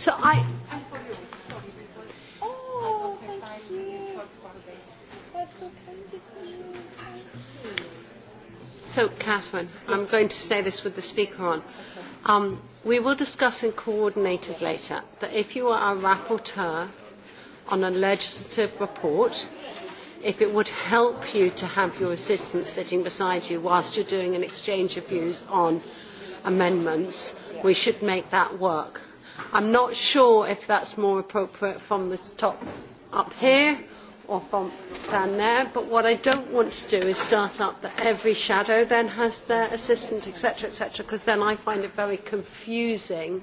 So I. of So, Catherine, I'm going to say this with the speaker on. Um, we will discuss in coordinators later that if you are a rapporteur on a legislative report, if it would help you to have your assistant sitting beside you whilst you're doing an exchange of views on amendments, we should make that work I am not sure if that is more appropriate from the top up here or from down there, but what I do not want to do is start up that every shadow then has their assistant, etc., etc., because then I find it very confusing.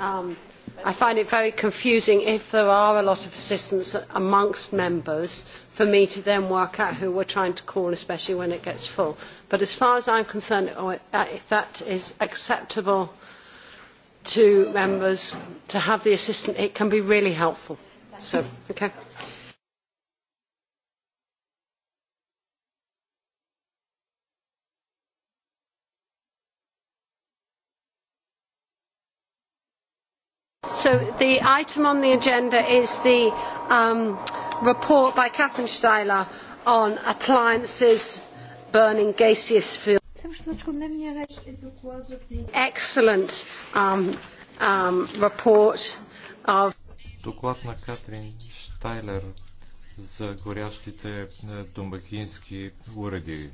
I find it very confusing if there are a lot of assistants amongst members for me to then work out who we are trying to call, especially when it gets full. But as far as I am concerned, if that is acceptable to members to have the assistant, it can be really helpful. So, okay. So the item on the agenda is the um, report by Catherine Steiler on appliances burning gaseous fuel. Excellent um, um, report of... Доклад на Катрин Штайлер за горящите е, домакински уреди.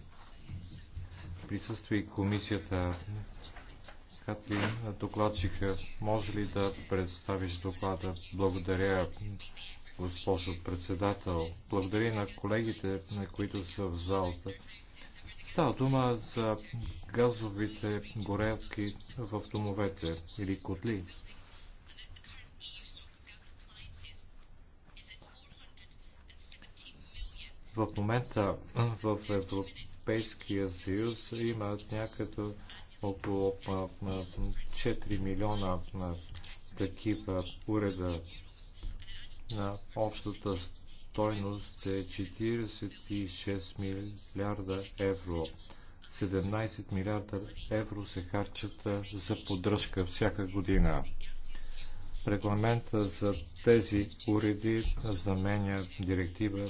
Присъства и комисията Катрин, докладчика, може ли да представиш доклада? Благодаря, госпожо председател. Благодаря на колегите, на които са в залата. Става дума за газовите горелки в домовете или котли. В момента в Европейския съюз има някъде около 4 милиона такива уреда на общата стойност е 46 милиарда евро. 17 милиарда евро се харчат за поддръжка всяка година. Регламента за тези уреди заменя директива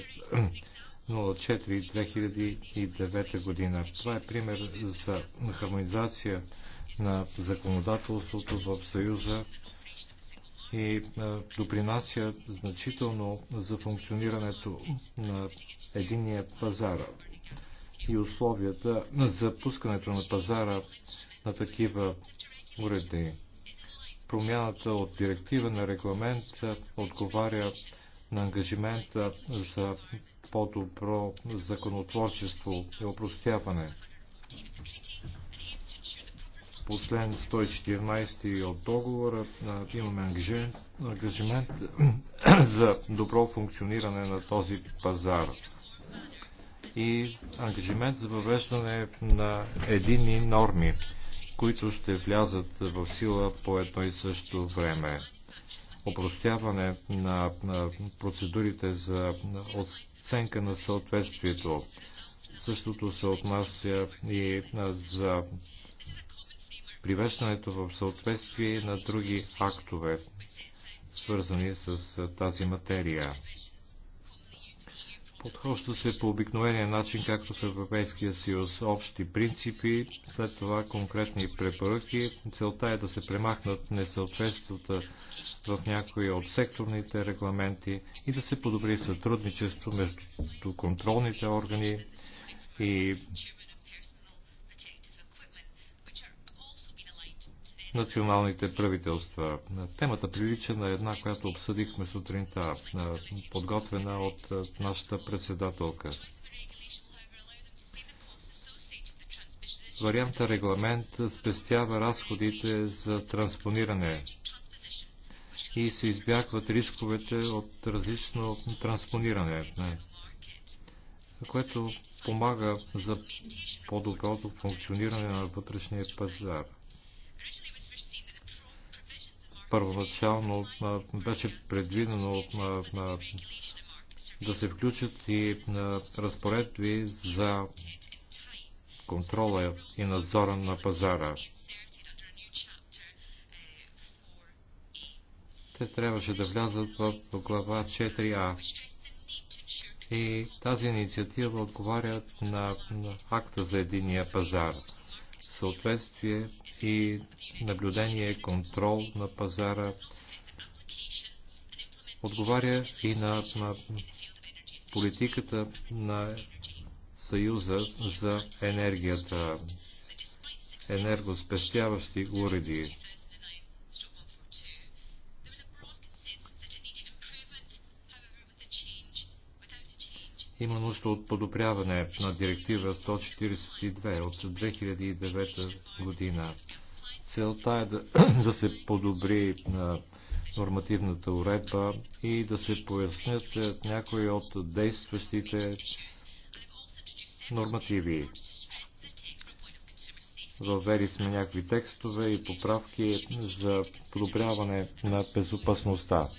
04-2009 година. Това е пример за хармонизация на законодателството в Съюза и е, допринася значително за функционирането на единия пазар и условията за пускането на пазара на такива уреди. Промяната от директива на регламент отговаря на ангажимента за по-добро законотворчество и опростяване по член 114 от договора имаме ангажимент за добро функциониране на този пазар и ангажимент за въвеждане на едини норми, които ще влязат в сила по едно и също време. Опростяване на процедурите за оценка на съответствието. Същото се отнася и за привеждането в съответствие на други актове, свързани с тази материя. Подхожда се по обикновения начин, както в Европейския съюз, общи принципи, след това конкретни препоръки. Целта е да се премахнат несъответствата в някои от секторните регламенти и да се подобри сътрудничество между контролните органи и националните правителства. Темата прилича на една, която обсъдихме сутринта, подготвена от нашата председателка. Варианта регламент спестява разходите за транспониране и се избягват рисковете от различно транспониране, което помага за по-доброто функциониране на вътрешния пазар първоначално беше предвидено да се включат и разпоредби за контрола и надзора на пазара. Те трябваше да влязат в глава 4А. И тази инициатива отговаря на акта за единия пазар. Съответствие и наблюдение, контрол на пазара, отговаря и на, на политиката на Съюза за енергията, енергоспестяващи уреди. Има нужда от подобряване на директива 142 от 2009 година. Целта е да, да се подобри на нормативната уредба и да се пояснят някои от действащите нормативи. Въвели сме някои текстове и поправки за подобряване на безопасността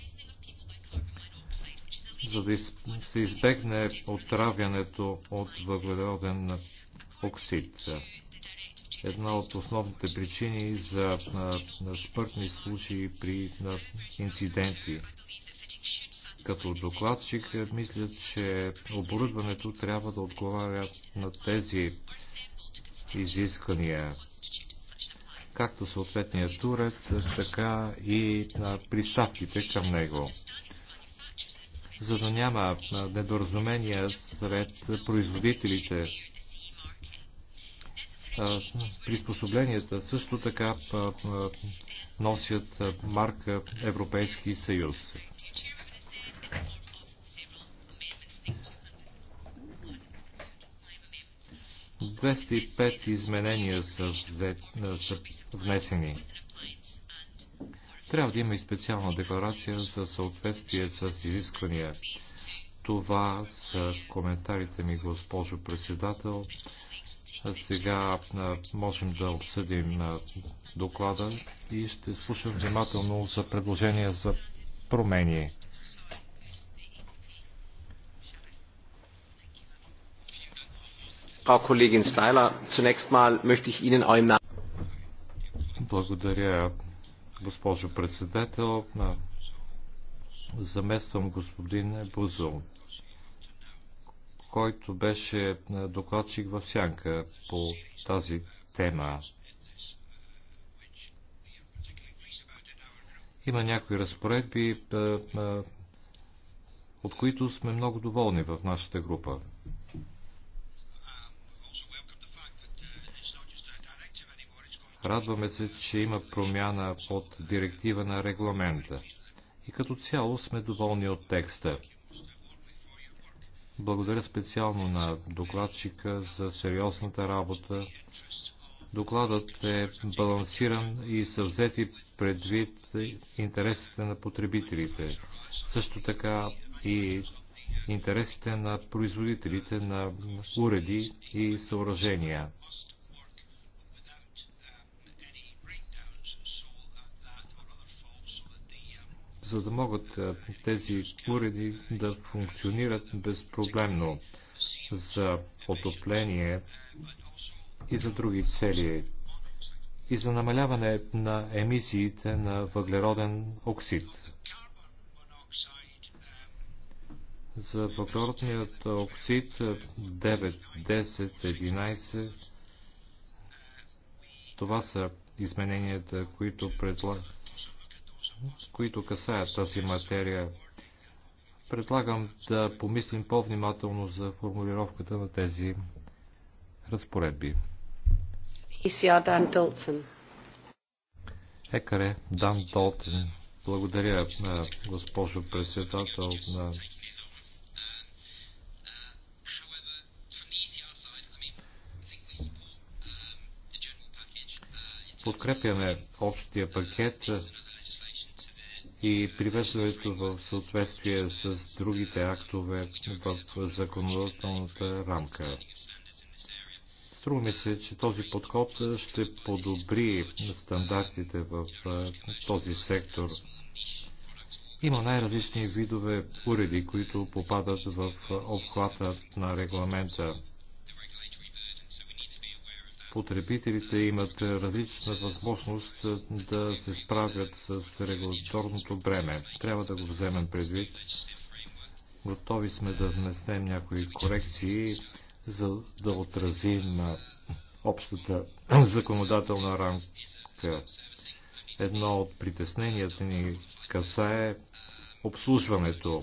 за да се избегне отравянето от въглероден оксид. Една от основните причини за на, на смъртни случаи при на инциденти. Като докладчик е, мисля, че оборудването трябва да отговаря на тези изисквания както съответният турет, така и на приставките към него за да няма недоразумения сред производителите. Приспособленията също така носят марка Европейски съюз. Двеста изменения са внесени. Трябва да има и специална декларация за съответствие с изисквания. Това са коментарите ми, госпожо председател. Сега можем да обсъдим доклада и ще слушам внимателно за предложения за промени. Frau Kollegin zunächst mal möchte ich Ihnen auch im Благодаря госпожо председател. Замествам господин Бузъл, който беше докладчик в Сянка по тази тема. Има някои разпоредби, от които сме много доволни в нашата група. Радваме се, че има промяна под директива на регламента. И като цяло сме доволни от текста. Благодаря специално на докладчика за сериозната работа. Докладът е балансиран и са взети предвид интересите на потребителите. Също така и интересите на производителите на уреди и съоръжения. за да могат тези уреди да функционират безпроблемно за отопление и за други цели и за намаляване на емисиите на въглероден оксид. За въглеродният оксид 9, 10, 11 това са измененията, които предлага които касаят тази материя. Предлагам да помислим по-внимателно за формулировката на тези разпоредби. Екаре Дан Долтен. Благодаря, госпожо председател на подкрепяме общия пакет и привеждането в съответствие с другите актове в законодателната рамка. Струва ми се, че този подход ще подобри стандартите в този сектор. Има най-различни видове уреди, които попадат в обхвата на регламента потребителите имат различна възможност да се справят с регуляторното бреме. Трябва да го вземем предвид. Готови сме да внесем някои корекции, за да отразим общата законодателна рамка. Едно от притесненията ни касае обслужването.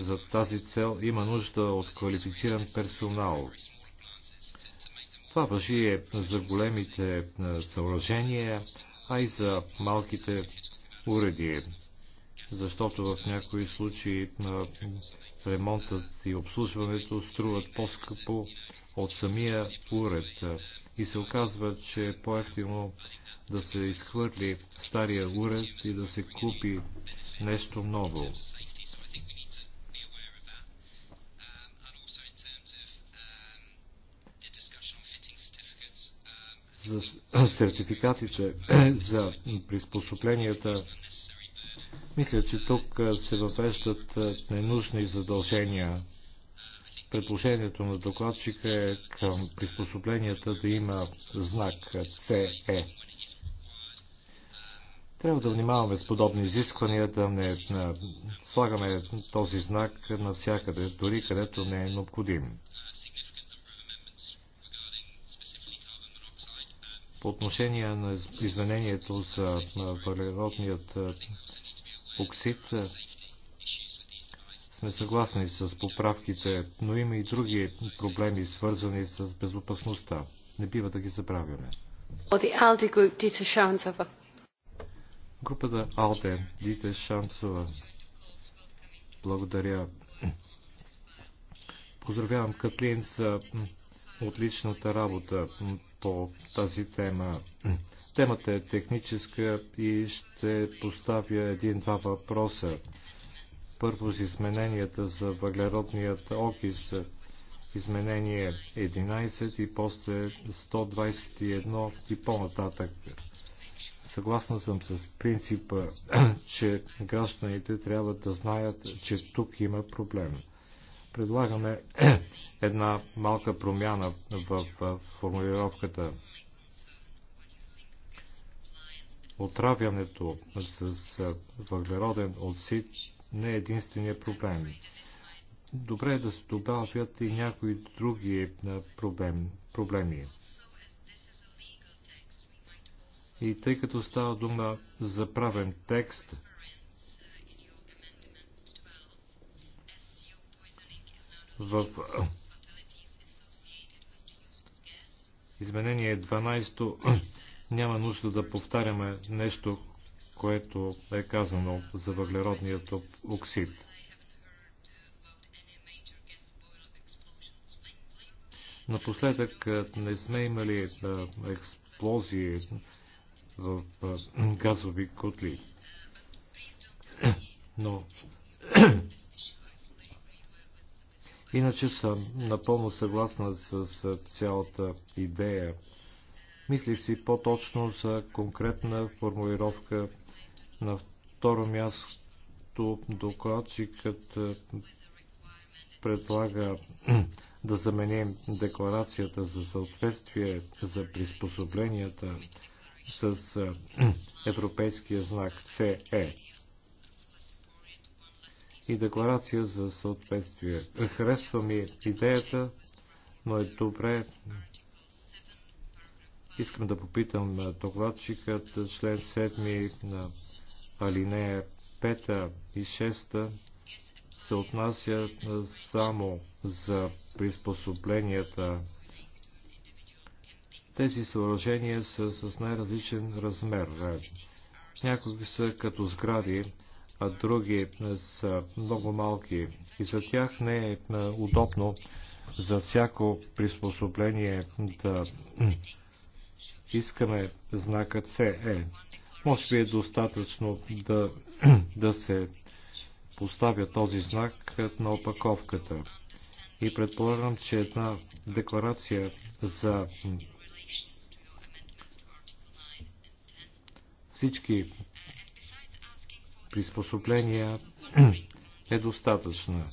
За тази цел има нужда от квалифициран персонал, това въжи за големите съоръжения, а и за малките уреди, защото в някои случаи ремонтът и обслужването струват по-скъпо от самия уред и се оказва, че е по-ефтино да се изхвърли стария уред и да се купи нещо ново. за сертификатите за приспособленията. Мисля, че тук се въвеждат ненужни задължения. Предложението на докладчика е към приспособленията да има знак CE. Е. Трябва да внимаваме с подобни изисквания, да не слагаме този знак навсякъде, дори където не е необходим. По отношение на изменението за въглеродният оксид сме съгласни с поправките, но има и други проблеми, свързани с безопасността. Не бива да ги забравяме. Групата Алде, Дите Шанцова. Благодаря. Поздравявам Катлин за отличната работа по тази тема. Темата е техническа и ще поставя един-два въпроса. Първо с измененията за въглеродният окис, изменение 11 и после 121 и по-нататък. Съгласна съм с принципа, че гражданите трябва да знаят, че тук има проблем предлагаме една малка промяна в формулировката. Отравянето с въглероден оксид не е единствения проблем. Добре е да се добавят и някои други е, проблем, проблеми. И тъй като става дума за правен текст, В изменение 12 няма нужда да повтаряме нещо, което е казано за въглеродният оксид. Напоследък не сме имали експлозии в газови котли. Но Иначе съм напълно съгласна с цялата идея. Мислих си по-точно за конкретна формулировка. На второ място докладчикът е, предлага да заменим декларацията за съответствие за приспособленията с е, европейския знак CE и декларация за съответствие. Харесва ми идеята, но е добре. Искам да попитам докладчикът член 7 на алинея 5 и 6 се отнася само за приспособленията. Тези съоръжения са с най-различен размер. Някои са като сгради, а други са много малки и за тях не е удобно за всяко приспособление да искаме знакът CE. Е. Може би е достатъчно да, да се поставя този знак на опаковката. И предполагам, че една декларация за всички приспособления е достатъчна.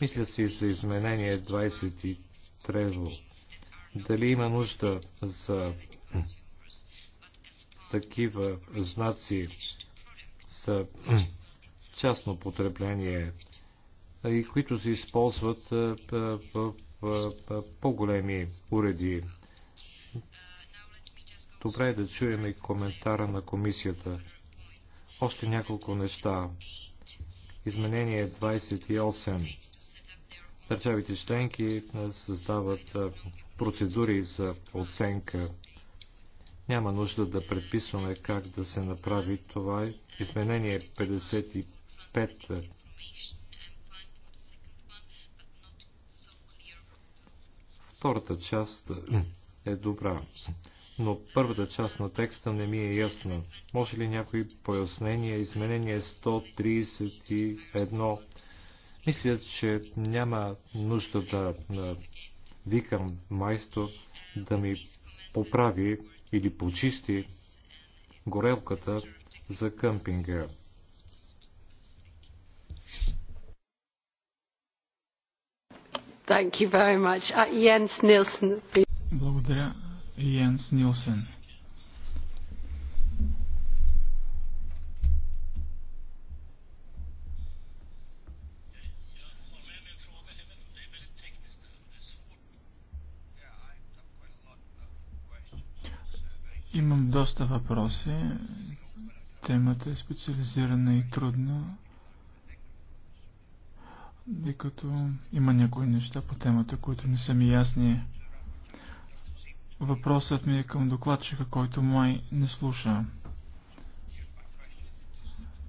Мисля си за изменение 23. Дали има нужда за такива знаци за частно потребление и които се използват в по-големи уреди. Добре е да чуем и коментара на комисията. Още няколко неща. Изменение 28. Държавите членки създават процедури за оценка. Няма нужда да предписваме как да се направи това. Изменение 55 втората част е добра но първата част на текста не ми е ясна. Може ли някои пояснения? Изменение 131. Мисля, че няма нужда да, да викам майстор да ми поправи или почисти горелката за къмпинга. Thank you very much. Uh, Jens Nielsen. Благодаря. Jens Nielsen. Имам доста въпроси. Темата е специализирана и трудна, тъй като има някои неща по темата, които не са ми ясни. Въпросът ми е към докладчика, който май не слуша.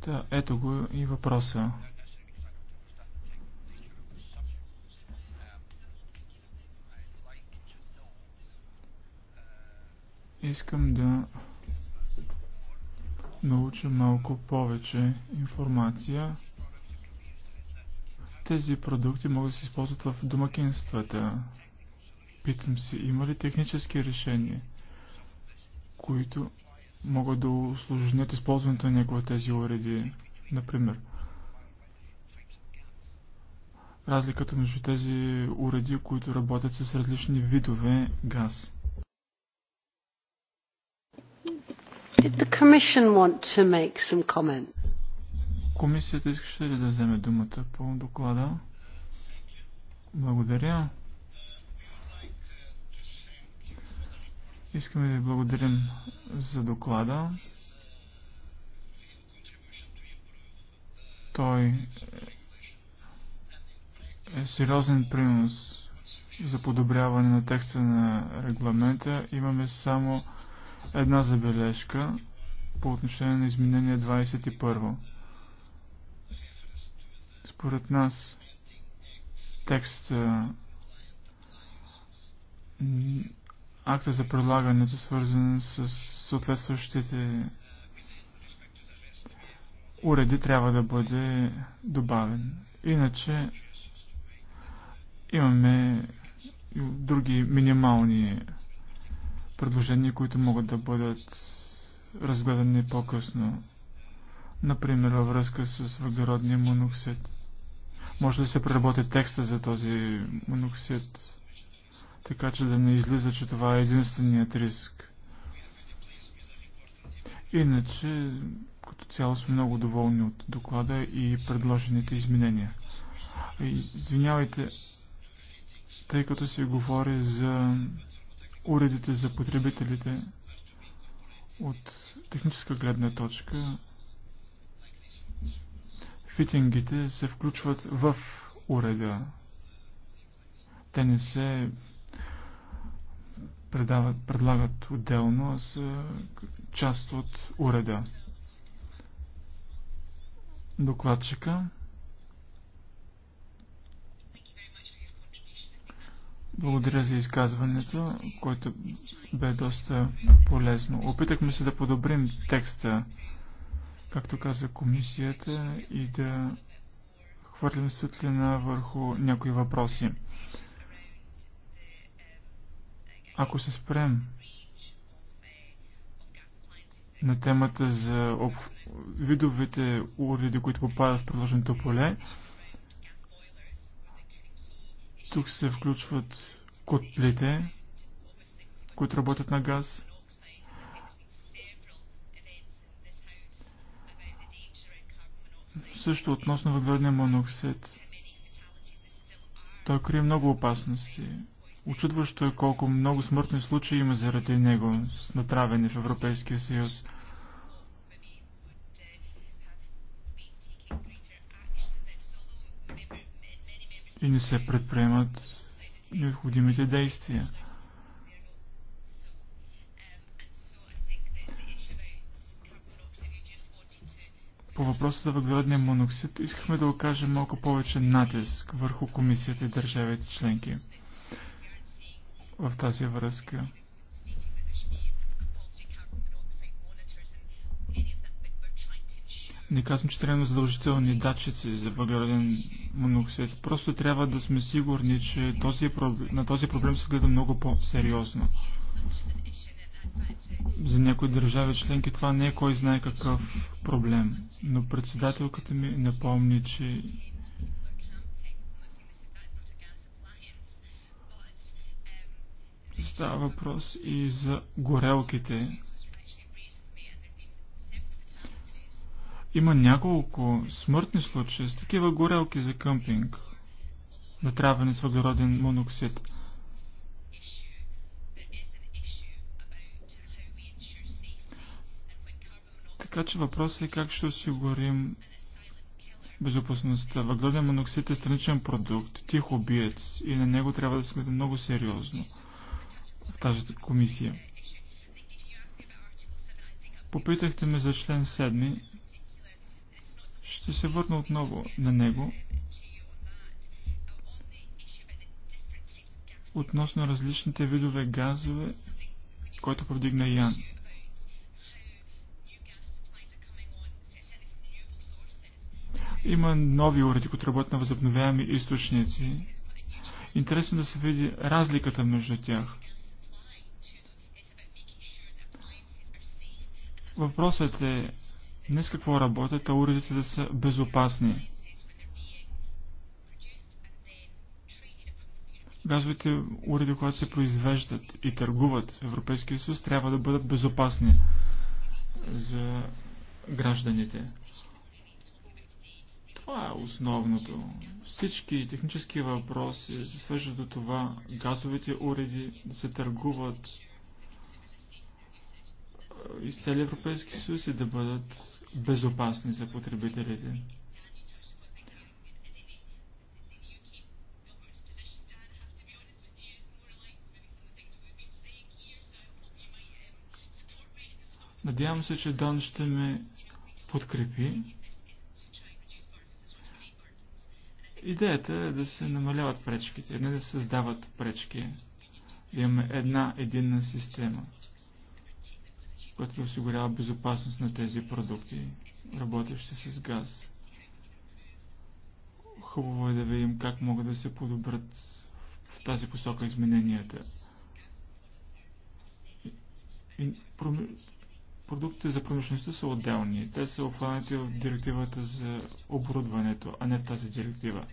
Та, ето го и въпроса. Искам да науча малко повече информация. Тези продукти могат да се използват в домакинствата, Питам се, има ли технически решения, които могат да усложнят използването на някои от тези уреди? Например, разликата между тези уреди, които работят с различни видове газ. Комисията искаше ли да вземе думата по доклада? Благодаря. Искаме да ви благодарим за доклада. Той е сериозен принос за подобряване на текста на регламента. Имаме само една забележка по отношение на изменение 21. Според нас текста акта за предлагането, свързан с съответстващите уреди, трябва да бъде добавен. Иначе имаме други минимални предложения, които могат да бъдат разгледани по-късно. Например, във връзка с въглеродния моноксид. Може да се преработи текста за този моноксид? така че да не излиза, че това е единственият риск. Иначе, като цяло сме много доволни от доклада и предложените изменения. Извинявайте, тъй като се говори за уредите за потребителите от техническа гледна точка, фитингите се включват в уреда. Те не се предават, предлагат отделно, а са част от уреда. Докладчика. Благодаря за изказването, което бе доста полезно. Опитахме се да подобрим текста, както каза комисията, и да хвърлим светлина върху някои въпроси. Ако се спрем на темата за об... видовете уреди, които попадат в приложеното поле, тук се включват котлите, които работят на газ. Също относно въглеродния моноксид. Той крие много опасности. Очудващо е колко много смъртни случаи има заради него с натравени в Европейския съюз. И не се предприемат необходимите действия. По въпроса за въглеродния моноксид искахме да окажем малко повече натиск върху комисията и държавите членки в тази връзка. Не казвам, че трябва задължителни датчици за въглероден моноксид. Просто трябва да сме сигурни, че този проблем, на този проблем се гледа много по-сериозно. За някои държави членки това не е кой знае какъв проблем. Но председателката ми напомни, че Става въпрос и за горелките. Има няколко смъртни случаи с такива горелки за къмпинг, натравени с въглероден моноксид. Така че въпросът е как ще осигурим безопасността. Въглероден моноксид е страничен продукт, тих обиец и на него трябва да се гледа много сериозно в тази комисия. Попитахте ме за член 7. Ще се върна отново на него. Относно различните видове газове, който повдигна Ян. Има нови уреди, които работят на възобновяеми източници. Интересно да се види разликата между тях. Въпросът е не с какво работят, а уредите да са безопасни. Газовите уреди, които се произвеждат и търгуват в Европейския съюз, трябва да бъдат безопасни за гражданите. Това е основното. Всички технически въпроси се свеждат до това газовите уреди да се търгуват из целия Европейски съюз и да бъдат безопасни за потребителите. Надявам се, че Дан ще ме подкрепи. Идеята е да се намаляват пречките, не да създават пречки. Да имаме една единна система – което осигурява безопасност на тези продукти, работещи с газ. Хубаво е да видим как могат да се подобрят в тази посока измененията. И продуктите за промишлеността са отделни. Те са обхванати в директивата за оборудването, а не в тази директива.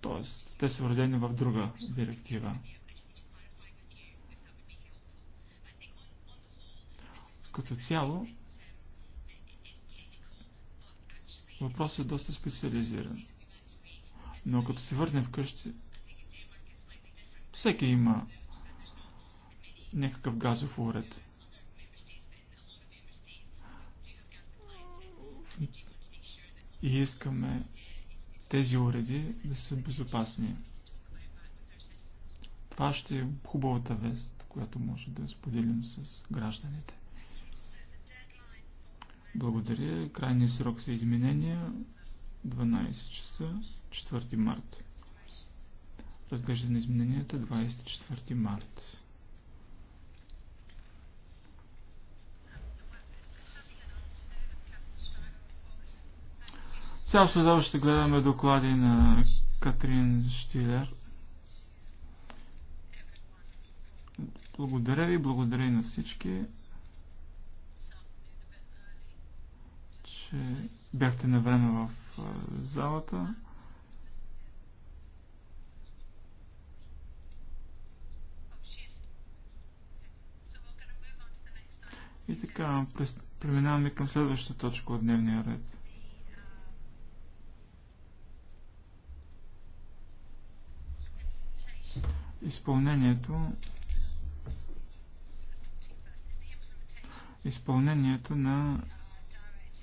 Тоест, те са уредени в друга директива. Като цяло, въпросът е доста специализиран. Но като се върне вкъщи, всеки има някакъв газов уред. И искаме тези уреди да са безопасни. Това ще е хубавата вест, която може да споделим с гражданите. Благодаря. Крайният срок за изменения 12 часа, 4 март. Разглеждане на измененията 24 март. Цял следва ще гледаме доклади на Катрин Штилер. Благодаря ви, благодаря и на всички. че бяхте на време в залата. И така, преминаваме към следващата точка от дневния ред. Изпълнението изпълнението на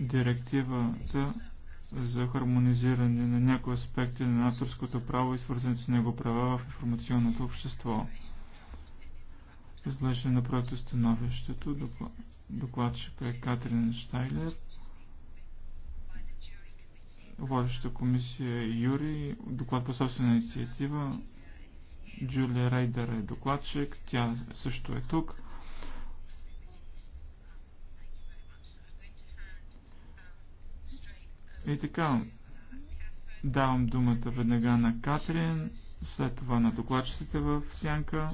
Директивата за хармонизиране на някои аспекти на авторското право и свързаните с него права в информационното общество. Изглеждане на проекта становището. Докладчик е Катрин Штайлер. Водещата комисия е Юри. Доклад по собствена инициатива. Джулия Рейдър е докладчик. Тя също е тук. И така, давам думата веднага на Катрин, след това на докладчиците в Сянка.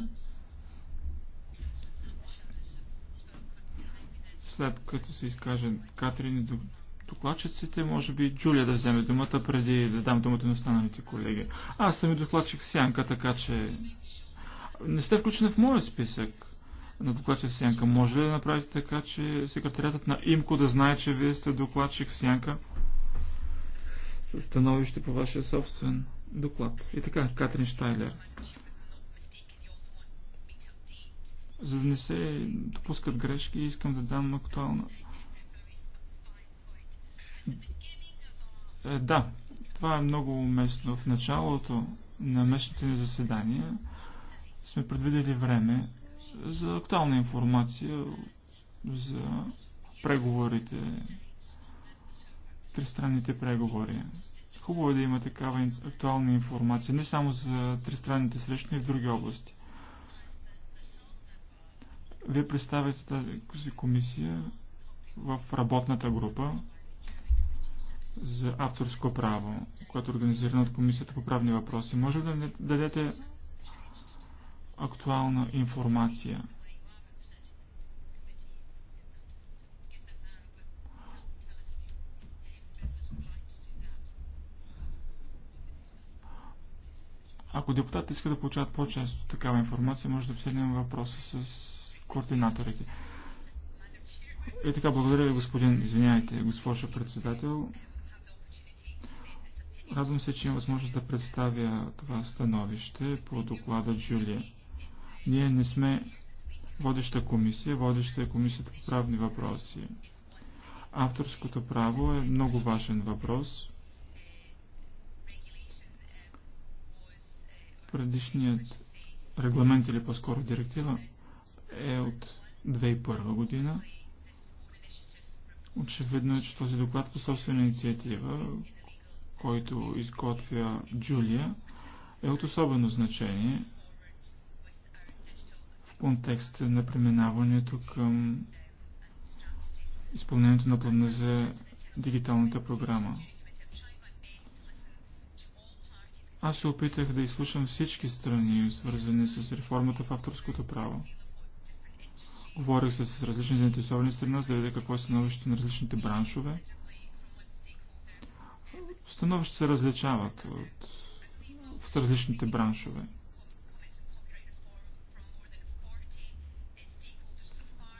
След като се изкаже Катрин и докладчиците, може би Джулия да вземе думата преди да дам думата на останалите колеги. Аз съм и докладчик в Сянка, така че не сте включени в моя списък на докладчик в Сянка. Може ли да направите така, че секретарятът на ИМКО да знае, че вие сте докладчик в Сянка? становище по вашия собствен доклад. И така, Катрин Штайлер. За да не се допускат грешки, искам да дам актуална. Е, да, това е много уместно. В началото на местните ни заседания сме предвидели време за актуална информация за преговорите тристранните преговори. Хубаво е да има такава актуална информация, не само за тристранните срещи, но и в други области. Вие представяте тази комисия в работната група за авторско право, което е организирана от Комисията по правни въпроси. Може да дадете актуална информация. Ако депутатите искат да получават по-често такава информация, може да обсъдим въпроса с координаторите. И така, благодаря ви, господин, извинявайте, госпожо председател. Радвам се, че има възможност да представя това становище по доклада Джулия. Ние не сме водеща комисия, водеща е комисията по правни въпроси. Авторското право е много важен въпрос. Предишният регламент или по-скоро директива е от 2001 година. Очевидно е, че този доклад по собствена инициатива, който изготвя Джулия, е от особено значение в контекста на преминаването към изпълнението на плана за дигиталната програма. Аз се опитах да изслушам всички страни, свързани с реформата в авторското право. Говорих с различни заинтересовани страни, за да видя какво е становище на различните браншове. Становища се различават от, в различните браншове.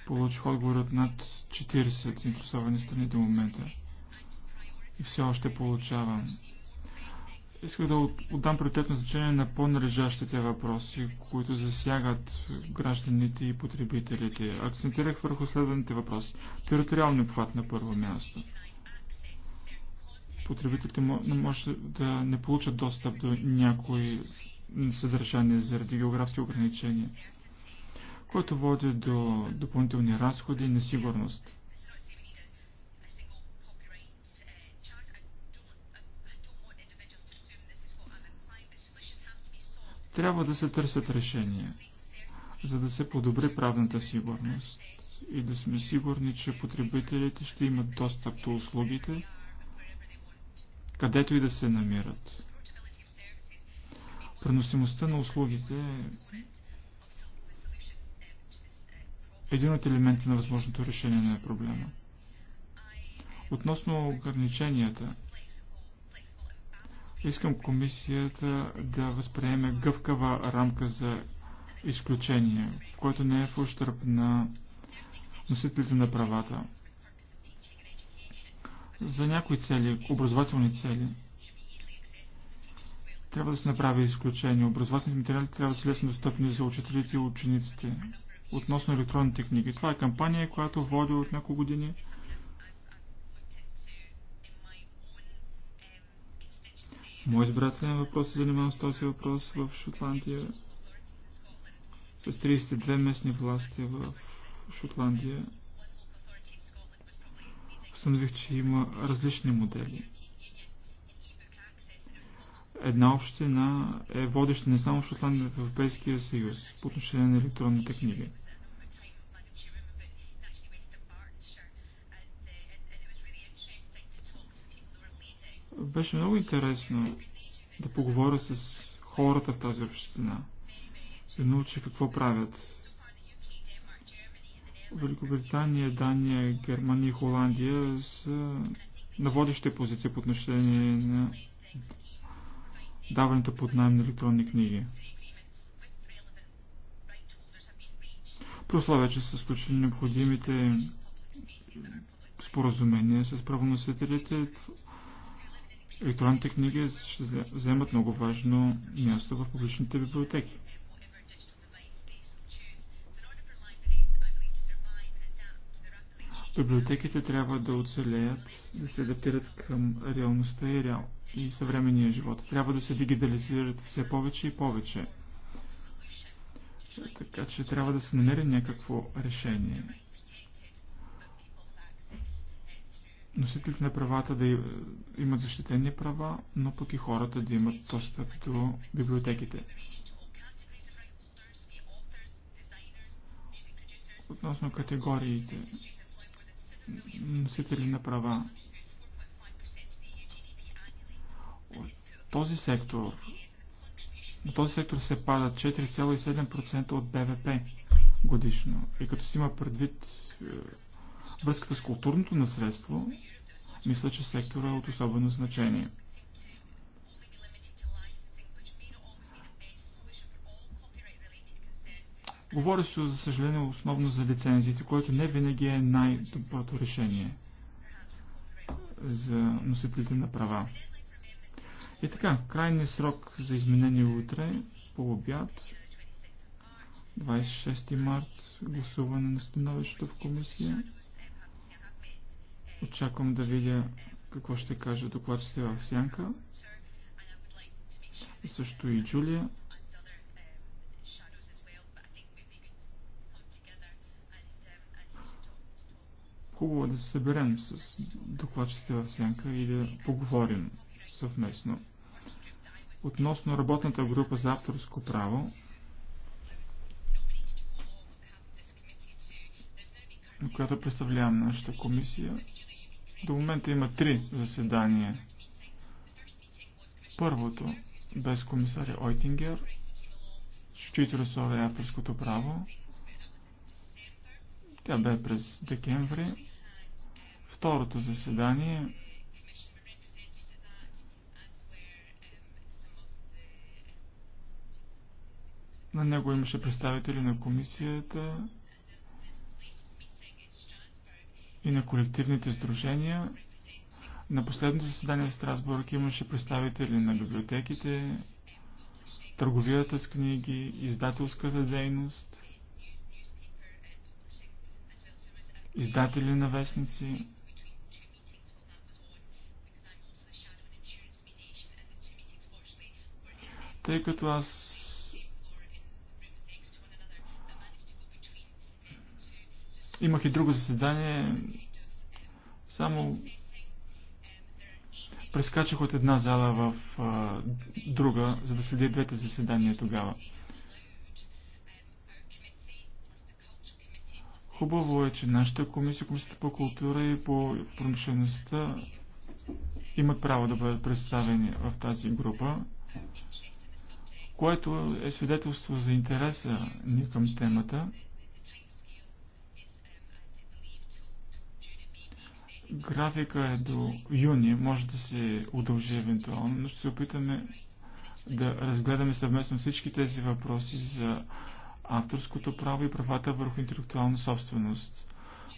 Получих отговор от над 40 заинтересовани страни до момента. И все още получавам Исках да отдам приоритетно значение на по-належащите въпроси, които засягат гражданите и потребителите. Акцентирах върху следваните въпроси. Териториалния обхват на първо място. Потребителите може да не получат достъп до някои съдържания заради географски ограничения, което води до допълнителни разходи и несигурност. Трябва да се търсят решения, за да се подобри правната сигурност и да сме сигурни, че потребителите ще имат достъп до услугите, където и да се намират. Преносимостта на услугите е един от елементите на възможното решение на проблема. Относно ограниченията – Искам комисията да възприеме гъвкава рамка за изключение, което не е в ущърп на носителите на правата. За някои цели, образователни цели, трябва да се направи изключение. Образователните материали трябва да са лесно достъпни за учителите и учениците. Относно електронните книги. Това е кампания, която води от няколко години. Мой избирателен въпрос се занимавам с този въпрос в Шотландия. С 32 местни власти в Шотландия. Установих, че има различни модели. Една община е водеща не само в Шотландия, в Европейския съюз по отношение на електронните книги. Беше много интересно да поговоря с хората в тази община, да науча какво правят. Великобритания, Дания, Германия и Холандия са на водеща позиция по отношение на даването под найем на електронни книги. При че са сключени необходимите споразумения с правоносителите, електронните книги ще вземат много важно място в публичните библиотеки. Библиотеките трябва да оцелеят, да се адаптират към реалността и, реал, и съвременния живот. Трябва да се дигитализират все повече и повече. Така че трябва да се намери някакво решение. носителите на правата да е, имат защитени права, но пък и хората да имат достъп до библиотеките. Относно категориите носители на права. От този сектор, на този сектор се падат 4,7% от БВП годишно. И като си има предвид е, връзката с културното наследство, мисля, че сектора е от особено значение. Говоря се, за съжаление, основно за лицензиите, което не винаги е най-доброто решение за носителите на права. И така, крайният срок за изменение утре по обяд, 26 март, гласуване на становището в комисия Очаквам да видя какво ще каже докладчите в Сянка. Също и Джулия. Хубаво е да се съберем с докладчите в Сянка и да поговорим съвместно. Относно работната група за авторско право, на която представлявам нашата комисия, до момента има три заседания. Първото без комисаря Ойтингер, с чието ресор е авторското право. Тя бе през декември. Второто заседание на него имаше представители на комисията, и на колективните сдружения. На последното заседание в Страсбург имаше представители на библиотеките, търговията с книги, издателската дейност, издатели на вестници. Тъй като аз Имах и друго заседание. Само прескачах от една зала в а, друга, за да следя двете заседания тогава. Хубаво е, че нашата комисия, комисията по култура и по промишлеността имат право да бъдат представени в тази група, което е свидетелство за интереса ни към темата. Графика е до юни, може да се удължи евентуално, но ще се опитаме да разгледаме съвместно всички тези въпроси за авторското право и правата върху интелектуална собственост.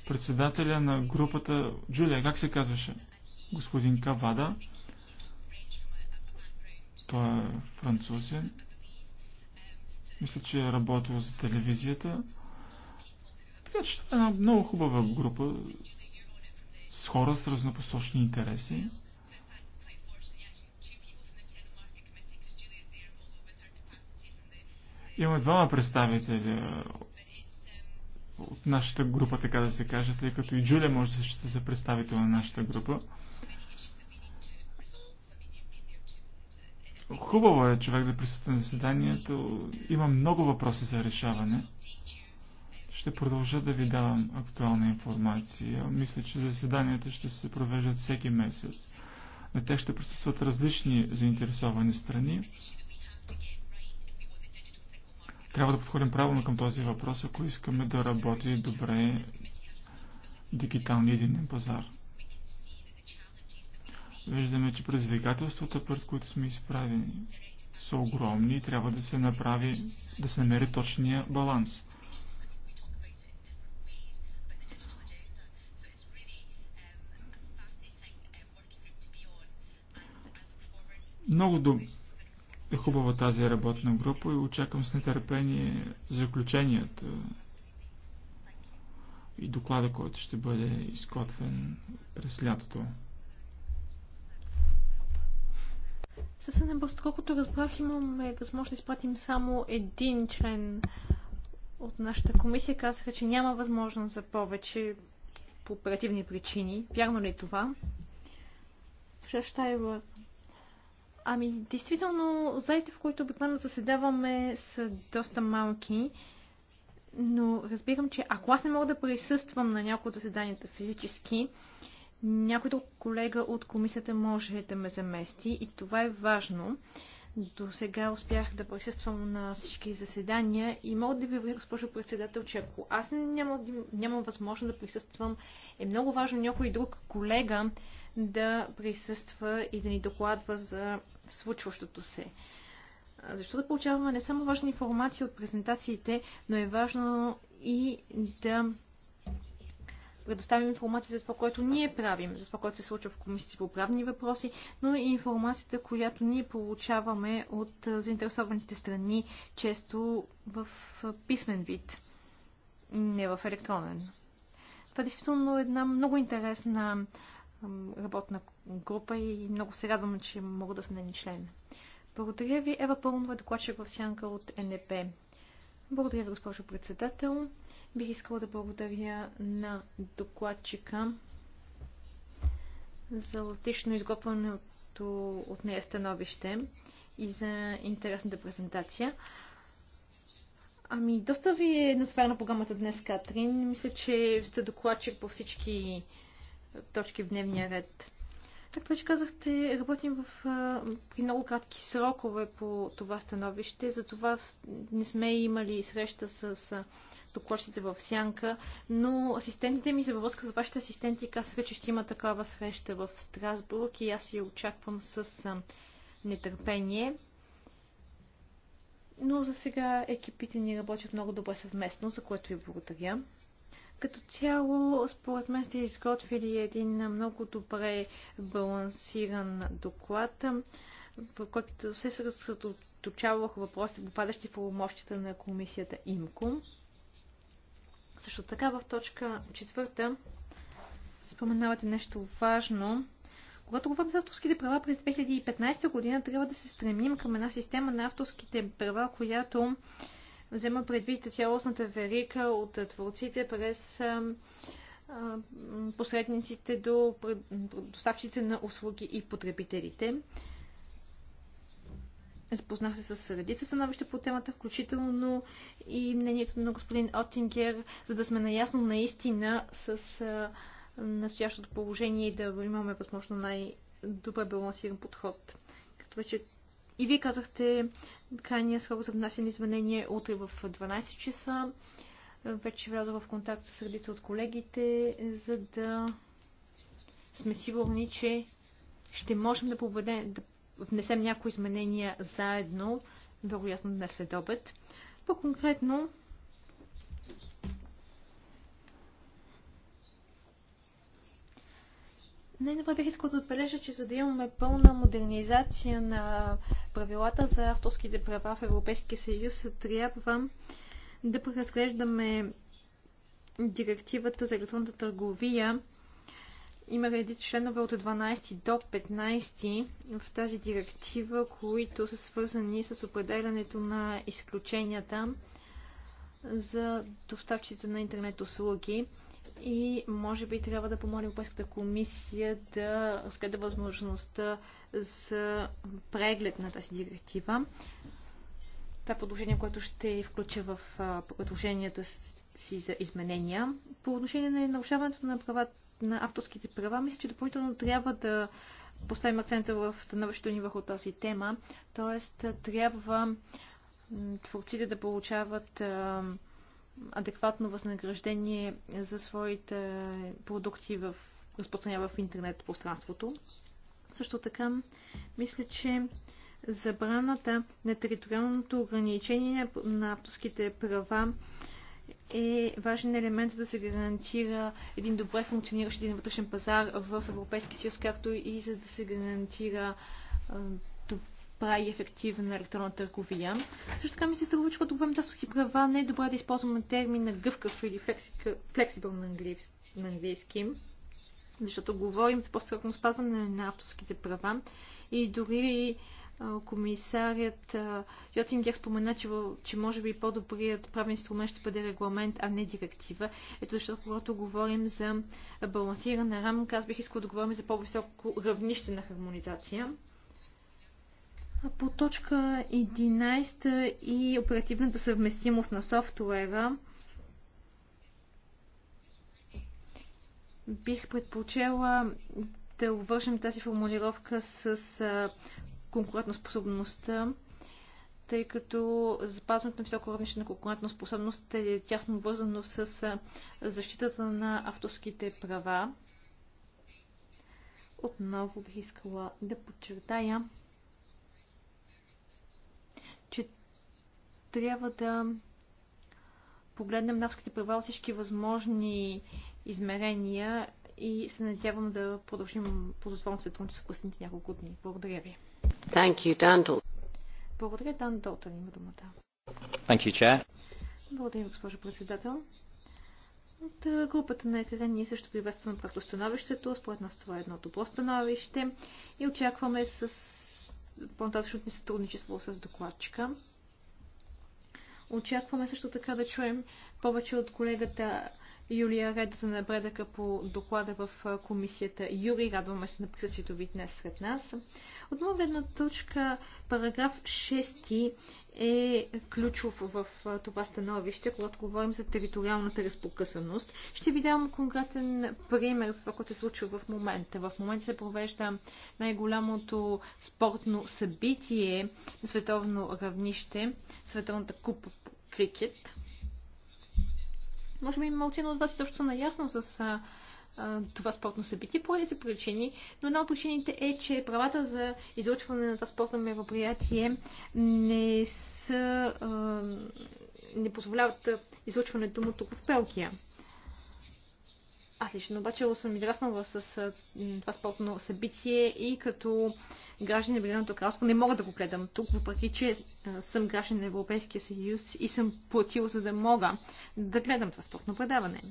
Председателя на групата, Джулия, как се казваше? Господин Кавада. Той е французен. Мисля, че е работил за телевизията. Така че това е една много хубава група с хора с разнопосочни интереси. Има двама представители е, от нашата група, така да се каже, тъй като и Джулия може да се счита за представител на нашата група. Хубаво е човек да присъства на заседанието. Има много въпроси за решаване. Ще продължа да ви давам актуална информация. Мисля, че заседанията ще се провеждат всеки месец. На тях ще присъстват различни заинтересовани страни. Трябва да подходим правилно към този въпрос, ако искаме да работи добре дигиталния единен пазар. Виждаме, че предизвикателствата, пред които сме изправени, са огромни и трябва да се направи, да се намери точния баланс – Много думи е хубава тази работна група и очаквам с нетърпение заключенията и доклада, който ще бъде изготвен през лятото. Съвсем набързо, колкото разбрах, имаме възможност да изпратим само един член от нашата комисия. Казаха, че няма възможност за повече по оперативни причини. Вярно ли е това? Шеф Штайбър Ами, действително, залите, в които обикновено заседаваме, са доста малки. Но разбирам, че ако аз не мога да присъствам на някои от заседанията физически, някой друг колега от комисията може да ме замести и това е важно. До сега успях да присъствам на всички заседания и мога да ви уверя, госпожо председател, че ако аз нямам няма възможност да присъствам, е много важно някой друг колега да присъства и да ни докладва за случващото се. Защото да получаваме не само важна информация от презентациите, но е важно и да предоставим информация за това, което ние правим, за това, което се случва в комисията по правни въпроси, но и информацията, която ние получаваме от заинтересованите страни, често в писмен вид, не в електронен. Това е действително една много интересна работна група и много се радвам, че мога да съм нейн член. Благодаря ви, Ева Пълнова, докладчик в сянка от НДП. Благодаря ви, госпожо председател. Бих искала да благодаря на докладчика за латично изготвеното от нея становище и за интересната презентация. Ами, доста ви е натоварена програмата днес, Катрин. Мисля, че сте докладчик по всички точки в дневния ред. Както вече казахте, работим в, при много кратки срокове по това становище, затова не сме имали среща с докладчите в Сянка, но асистентите ми се във връзка с вашите асистенти казаха, че ще има такава среща в Страсбург и аз я очаквам с нетърпение. Но за сега екипите ни работят много добре съвместно, за което ви благодаря. Като цяло, според мен сте изготвили един много добре балансиран доклад, в който се съсредоточаваха въпросите, попадащи в правомощията на комисията ИМКО. Също така в точка четвърта споменавате нещо важно. Когато говорим за авторските права през 2015 година, трябва да се стремим към една система на авторските права, която взема предвид цялостната верика от творците през посредниците до доставчиците на услуги и потребителите. Запознах се с редица становища по темата, включително и мнението на господин Оттингер, за да сме наясно наистина с настоящото положение и да имаме възможно най-добре балансиран подход. Като вече и вие казахте, крайния срок за внасяне изменение е утре в 12 часа. Вече влязох в контакт с редица от колегите, за да сме сигурни, че ще можем да, победем, да внесем някои изменения заедно, вероятно днес след обед. По-конкретно, Най-добре бих искал да отбележа, че за да имаме пълна модернизация на правилата за авторските права в Европейския съюз, трябва да преразглеждаме директивата за електронната търговия. Има редит членове от 12 до 15 в тази директива, които са свързани с определянето на изключенията за доставчиците на интернет услуги и може би трябва да помолим Европейската комисия да разгледа възможността за преглед на тази директива. Това е предложение, което ще включа в предложенията си за изменения. По отношение на нарушаването на, права, на авторските права, мисля, че допълнително трябва да поставим акцента в становището ни върху тази тема. Тоест, трябва творците да получават адекватно възнаграждение за своите продукти в разпространява в интернет пространството. Също така, мисля, че забраната на териториалното ограничение на авторските права е важен елемент за да се гарантира един добре функциониращ един вътрешен пазар в Европейския съюз, както и за да се гарантира прави ефективна електронна търговия. Също така ми се струва, че като говорим авторски права не е добре да използваме термина гъвкав или флексибъл на английски, защото говорим за по-строгно спазване на авторските права и дори комисарият Йотингер спомена, че, че може би по-добрият правен инструмент ще бъде регламент, а не директива. Ето защото когато говорим за балансирана рамка, аз бих искал да говорим за по-високо равнище на хармонизация. По точка 11 и оперативната съвместимост на софтуера бих предпочела да увършим тази формулировка с конкурентоспособността, тъй като запазването на високо равнище на конкурентоспособност е тясно вързано с защитата на авторските права. Отново бих искала да подчертая, че трябва да погледнем навските права от всички възможни измерения и се надявам да продължим ползотворното сътрудничество с последните няколко дни. Благодаря ви. Thank you, Dan Благодаря, Дан Долтън има думата. Thank you, Chair. Благодаря, госпожо председател. От групата на ЕКР ние също приветстваме становището. Според нас това е едно добро становище и очакваме с по-нататъчното ни сътрудничество с докладчика. Очакваме също така да чуем повече от колегата Юлия Ред за напредъка по доклада в комисията Юри. Радваме се на присъствието ви днес сред нас. От моя гледна точка, параграф 6 е ключов в това становище, когато говорим за териториалната разпокъсаност. Ще ви дам конкретен пример за това, което се случва в момента. В момента се провежда най-голямото спортно събитие на световно равнище, Световната купа крикет. Може би малцина от вас също са наясно с а, а, това спортно събитие по редица причини, но една от причините е, че правата за излъчване на това спортно мероприятие не са а, не позволяват излъчването му тук в Белгия. Аз лично обаче съм израснала с това спортно събитие и като граждан на Обединеното кралство не мога да го гледам тук, въпреки че съм граждан на Европейския съюз и съм платил за да мога да гледам това спортно предаване.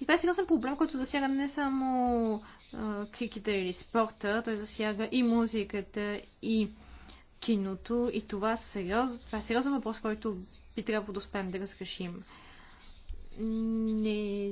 И това е сериозен проблем, който засяга не само а, криките или спорта, той засяга и музиката, и киното. И това, сериоз, това е сериозен въпрос, който би трябвало да успеем да разрешим. Не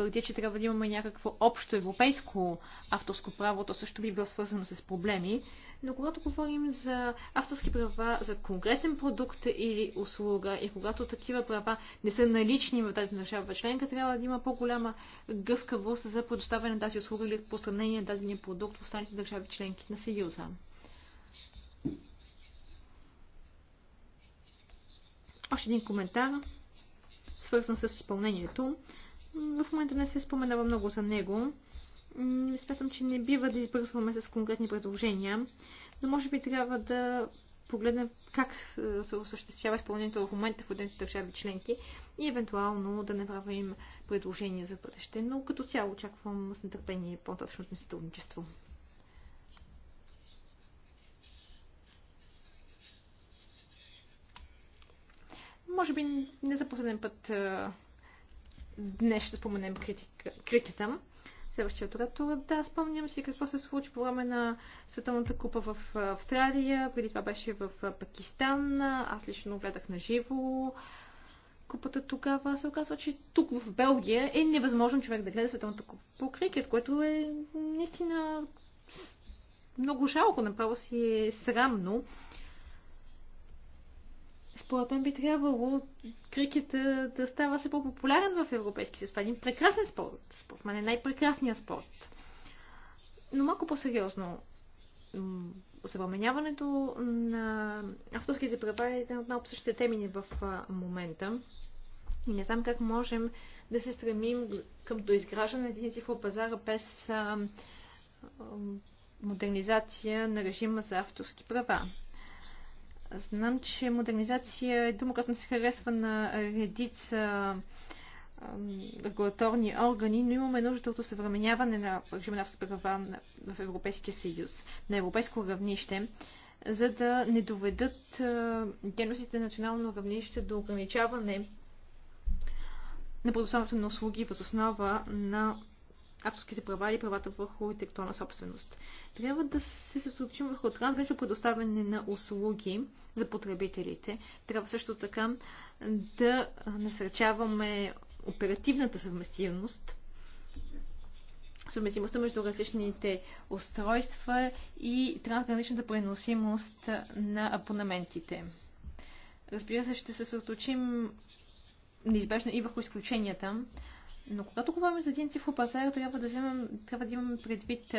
твърдя, че трябва да имаме някакво общо европейско авторско право, то също би било свързано с проблеми. Но когато говорим за авторски права за конкретен продукт или услуга и когато такива права не са налични в тази държава членка, трябва да има по-голяма гъвкавост за предоставяне на тази услуга или разпространение на дадения продукт в останалите държави членки на Съюза. Още един коментар, свързан с изпълнението. В момента не се споменава много за него. Смятам, че не бива да избързваме с конкретни предложения, но може би трябва да погледнем как се осъществява изпълнението в момента в отделните държави членки и евентуално да направим предложения за бъдеще. Но като цяло очаквам с нетърпение по-нататъчното ни сътрудничество. Може би не за последен път днес ще споменем критика, Следващия Следващият Да, спомням си какво се случи по време на Световната купа в Австралия. Преди това беше в Пакистан. Аз лично гледах на живо купата тогава. Се оказва, че тук в Белгия е невъзможно човек да гледа Световната купа по крикет, което е наистина много жалко. Направо си е срамно. Според мен би трябвало крикета да става все по-популярен в Европейски съюз. Това е един прекрасен спорт. Според мен е най-прекрасният спорт. Но малко по-сериозно съвременяването на авторските права е една от най-обсъщите теми в момента. И не знам как можем да се стремим към доизграждане на един цифров пазар без а, модернизация на режима за авторски права. Знам, че модернизация е дума, която не се харесва на редица регулаторни органи, но имаме нужда от осъвременяване на граждански права в Европейския съюз, на европейско равнище, за да не доведат дейностите на национално равнище до ограничаване на предоставянето на услуги възоснова основа на авторските права и правата върху интелектуална собственост. Трябва да се съсредоточим върху трансгранично предоставяне на услуги за потребителите. Трябва също така да насърчаваме оперативната съвместимост, съвместимостта между различните устройства и трансграничната преносимост на абонаментите. Разбира се, ще се съсредоточим неизбежно и върху изключенията, но когато говорим за един цифров пазар, трябва да, вземем, трябва да имаме предвид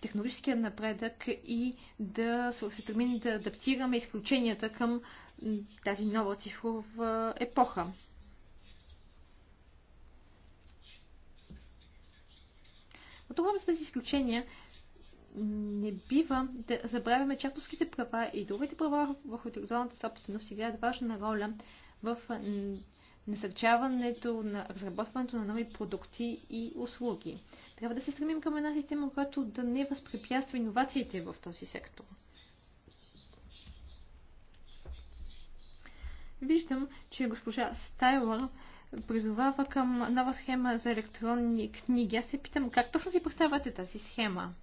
технологическия напредък и да се стремим да адаптираме изключенията към тази нова цифрова епоха. Но това за тези изключения не бива да забравяме, чартовските права и другите права върху интелектуалната собственост играят важна роля в насърчаването на разработването на нови продукти и услуги. Трябва да се стремим към една система, която да не възпрепятства иновациите в този сектор. Виждам, че госпожа Стайлър призовава към нова схема за електронни книги. Аз се питам как точно си представяте тази схема?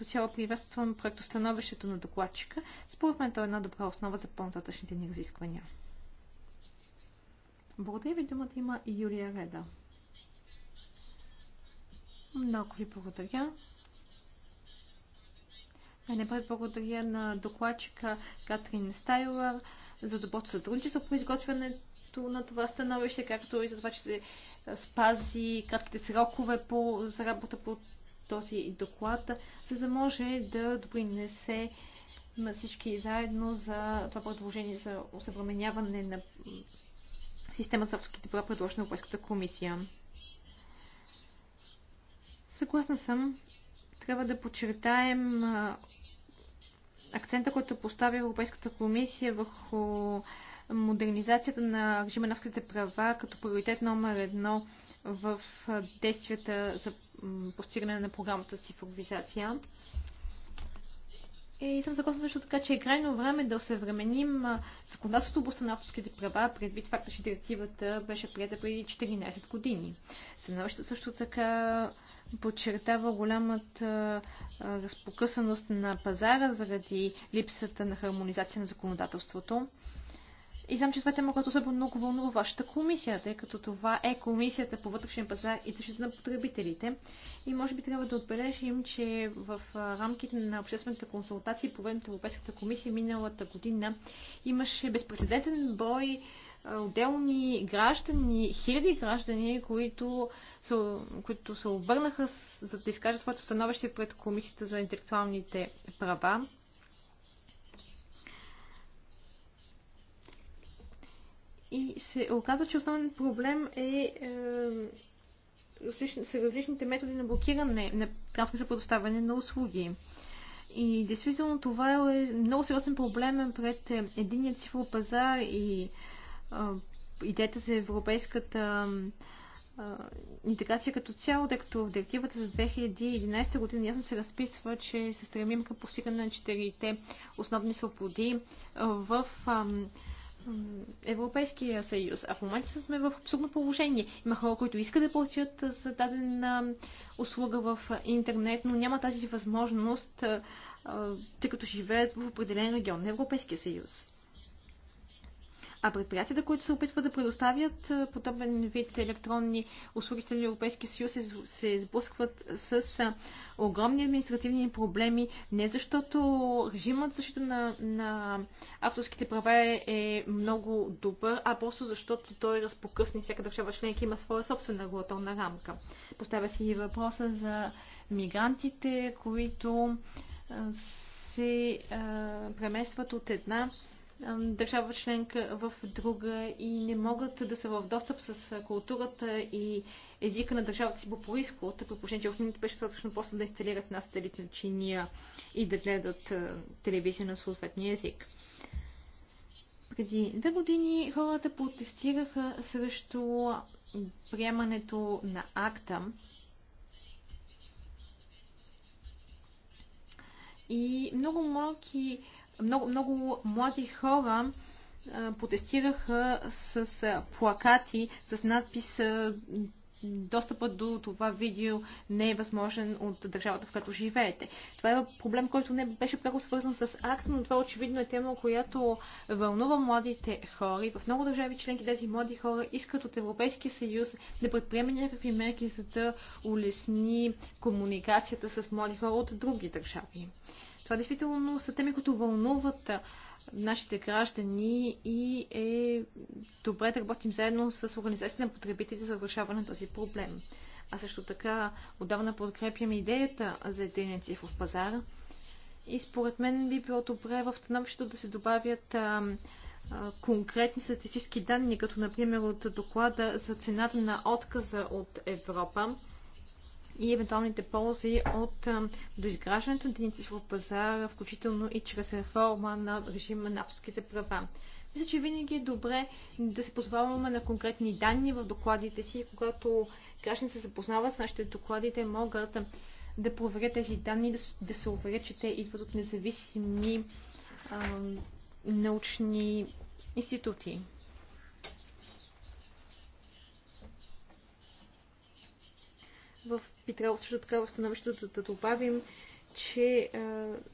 като цяло приветствам проектостановището на докладчика. Според мен то е една добра основа за по-нататъчните ни разисквания. Благодаря ви, думата има и Юлия Реда. Много ви благодаря. Най-напред благодаря на докладчика Катрин Стайлър за доброто сътрудничество по изготвянето на това становище, както и за това, че се спази кратките срокове по, за работа по този доклад, за да може да допринесе на всички заедно за това предложение за осъвременяване на система за авторските права, предложена Европейската комисия. Съгласна съм, трябва да подчертаем акцента, който поставя Европейската комисия върху модернизацията на режима на авторските права като приоритет номер едно в действията за постигане на програмата цифровизация. И съм съгласна също така, че е крайно време да осъвременим законодателството в областта на авторските права, предвид факта, че директивата беше прията преди 14 години. Съновището също така подчертава голямата разпокъсаност на пазара заради липсата на хармонизация на законодателството. И знам, че това е тема, която особено много вълнува вашата комисия, тъй като това е комисията по вътрешен пазар и защита на потребителите. И може би трябва да отбележим, че в рамките на обществената консултация, време на Европейската комисия миналата година, имаше безпредседентен брой отделни граждани, хиляди граждани, които се, които се обърнаха за да изкажат своето становище пред Комисията за интелектуалните права. И се оказва, че основен проблем е, е са различните методи на блокиране на за предоставяне на услуги. И действително това е много сериозен проблем пред е, единият цифров пазар и е, идеята за европейската е, интеграция като цяло, тъй като в директивата за 2011 година ясно се разписва, че се стремим към постигане на четирите основни свободи в Европейския съюз. А в момента сме в абсурдно положение. Има хора, които искат да платят за дадена услуга в интернет, но няма тази възможност, тъй като живеят в определен регион на Европейския съюз. А предприятията, които се опитват да предоставят подобен вид електронни услуги на Европейския съюз, се, сблъскват с огромни административни проблеми, не защото режимът защита на, на авторските права е, е, много добър, а просто защото той е разпокъсни. Всяка държава членка има своя собствена регулаторна рамка. Поставя си и въпроса за мигрантите, които се а, преместват от една държава членка в друга и не могат да са в достъп с културата и езика на държавата си по происход, при положение, че в минуто беше достатъчно просто да инсталират една сателитна чиния и да гледат телевизия на съответния език. Преди две години хората протестираха срещу приемането на акта, и много малки много, много млади хора протестираха с плакати, с надпис достъпът до това видео не е възможен от държавата, в която живеете. Това е проблем, който не беше пряко свързан с акция, но това очевидно е тема, която вълнува младите хора. И в много държави членки тези млади хора искат от Европейския съюз да предприеме някакви мерки, за да улесни комуникацията с млади хора от други държави. Това действително са теми, които вълнуват нашите граждани и е добре да работим заедно с организацията на потребителите за решаване на този проблем. А също така отдавна подкрепям идеята за единен цифров пазар. И според мен би било добре в становището да се добавят а, а, конкретни статистически данни, като например от доклада за цената на отказа от Европа и евентуалните ползи от доизграждането на единици пазара, включително и чрез реформа на режима на авторските права. Мисля, че винаги е добре да се позваваме на конкретни данни в докладите си, когато гражданите се запознават с нашите доклади, те могат да проверят тези данни и да, да се уверят, че те идват от независими а, научни институти. В би трябвало също така в становището да, добавим, че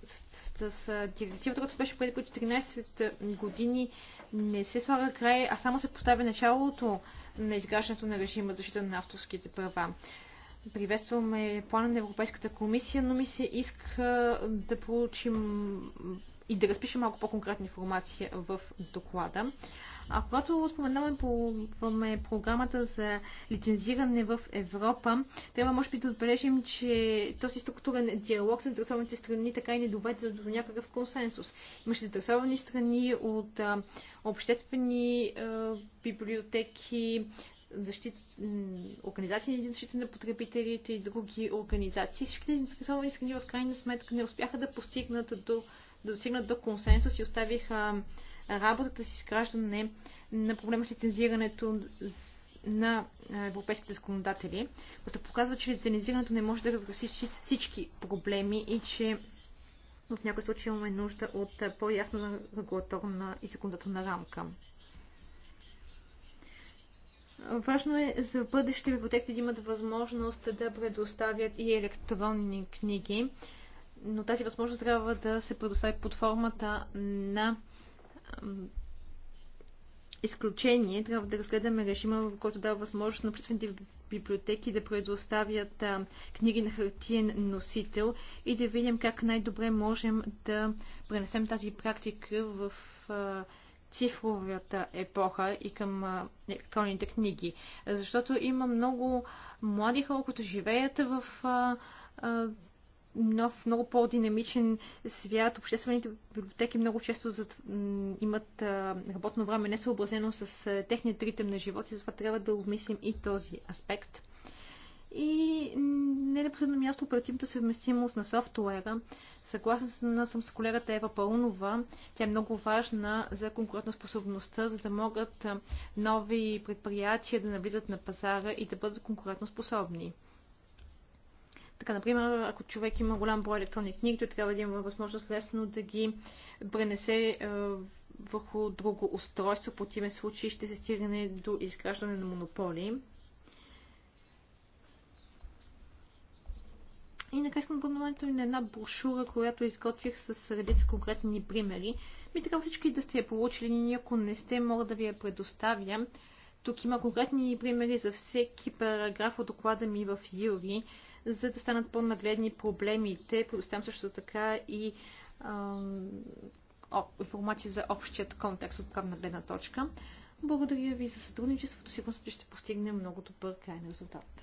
с, с, с директивата, която беше преди по 14 години, не се слага край, а само се поставя началото на изграждането на режима за защита на авторските права. Приветстваме плана на Европейската комисия, но ми се иска да получим и да разпишем малко по-конкретна информация в доклада. А когато споменаваме по, програмата за лицензиране в Европа, трябва може би да отбележим, че този структурен диалог с заинтересованите страни така и не доведе до някакъв консенсус. Имаше заинтересовани страни от а, обществени а, библиотеки, защит... организации на защита на потребителите и други организации. Всички тези заинтересовани страни в крайна сметка не успяха да постигнат до, да достигнат до консенсус и оставиха работата си с изграждане на проблема с лицензирането на европейските законодатели, което показва, че лицензирането не може да разгласи всички проблеми и че в някои случаи имаме нужда от по-ясна регулаторна и законодателна рамка. Важно е за бъдеще библиотеките да имат възможност да предоставят и електронни книги, но тази възможност трябва да се предостави под формата на изключение, трябва да разгледаме режима, в който дава възможност на обществените библиотеки да предоставят а, книги на хартиен носител и да видим как най-добре можем да пренесем тази практика в а, цифровата епоха и към а, електронните книги. Защото има много млади хора, които живеят в а, а, нов, много по-динамичен свят. Обществените библиотеки много често зад, имат а, работно време не съобразено с а, техният ритъм на живот и затова трябва да обмислим и този аспект. И не на последно място оперативната съвместимост на софтуера. Съгласна съм с колегата Ева Паунова. Тя е много важна за конкурентоспособността, за да могат нови предприятия да навлизат на пазара и да бъдат конкурентоспособни. Така, например, ако човек има голям брой електронни книги, той трябва да има възможност лесно да ги пренесе е, върху друго устройство. По тиме случай ще се стигне до изграждане на монополи. И накрая искам върнаването на една брошура, която изготвих с редица конкретни примери. Ми трябва всички да сте я получили, ако не сте, мога да ви я предоставя. Тук има конкретни примери за всеки параграф от доклада ми в Юри за да станат по-нагледни проблемите. Предоставям също така и ам, информация за общият контекст от правна гледна точка. Благодаря ви за сътрудничеството. Сигурно че ще постигнем много добър крайен резултат.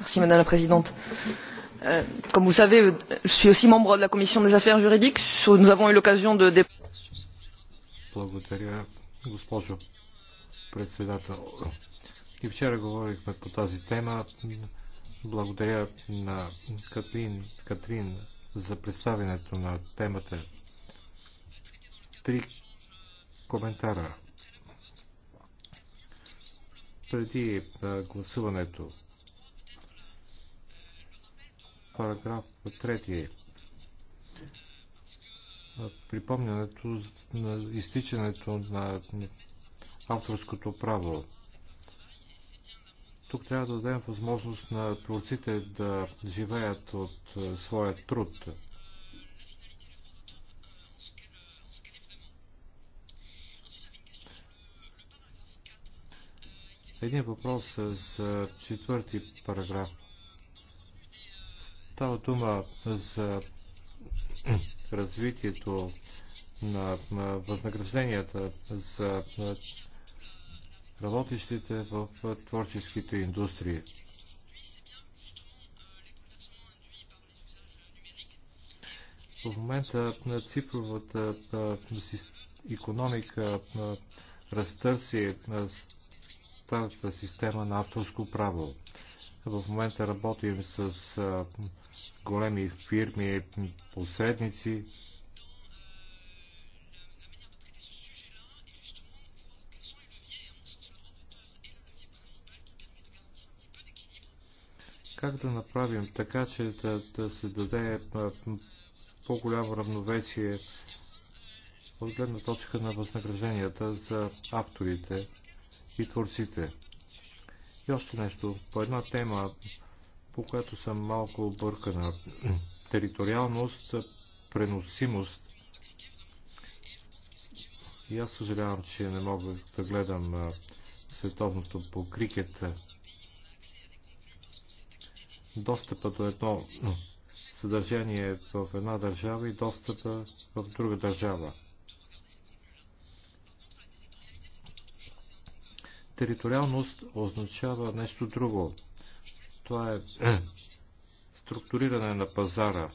Merci Madame la Présidente. Euh, comme vous savez, je suis aussi membre de la Commission des affaires juridiques. Nous avons eu l'occasion de débattre. Благодаря, госпожо председател. И вчера говорихме по тази тема. Благодаря на Катрин, Катрин за представянето на темата. Три коментара. Преди гласуването, параграф 3 припомнянето на изтичането на авторското право. Тук трябва да дадем възможност на творците да живеят от е, своя труд. Един въпрос е за четвърти параграф. Става дума за развитието на възнагражденията за е, работещите в творческите индустрии. В момента на цифровата економика разтърси старата система на авторско право. В момента работим с големи фирми, посредници, Как да направим така, че да, да се даде по-голямо равновесие от гледна точка на възнагражденията за авторите и творците? И още нещо, по една тема, по която съм малко объркана. Териториалност, преносимост. И аз съжалявам, че не мога да гледам световното по крикета достъпа до едно съдържание в една държава и достъпа в друга държава. Териториалност означава нещо друго. Това е структуриране на пазара.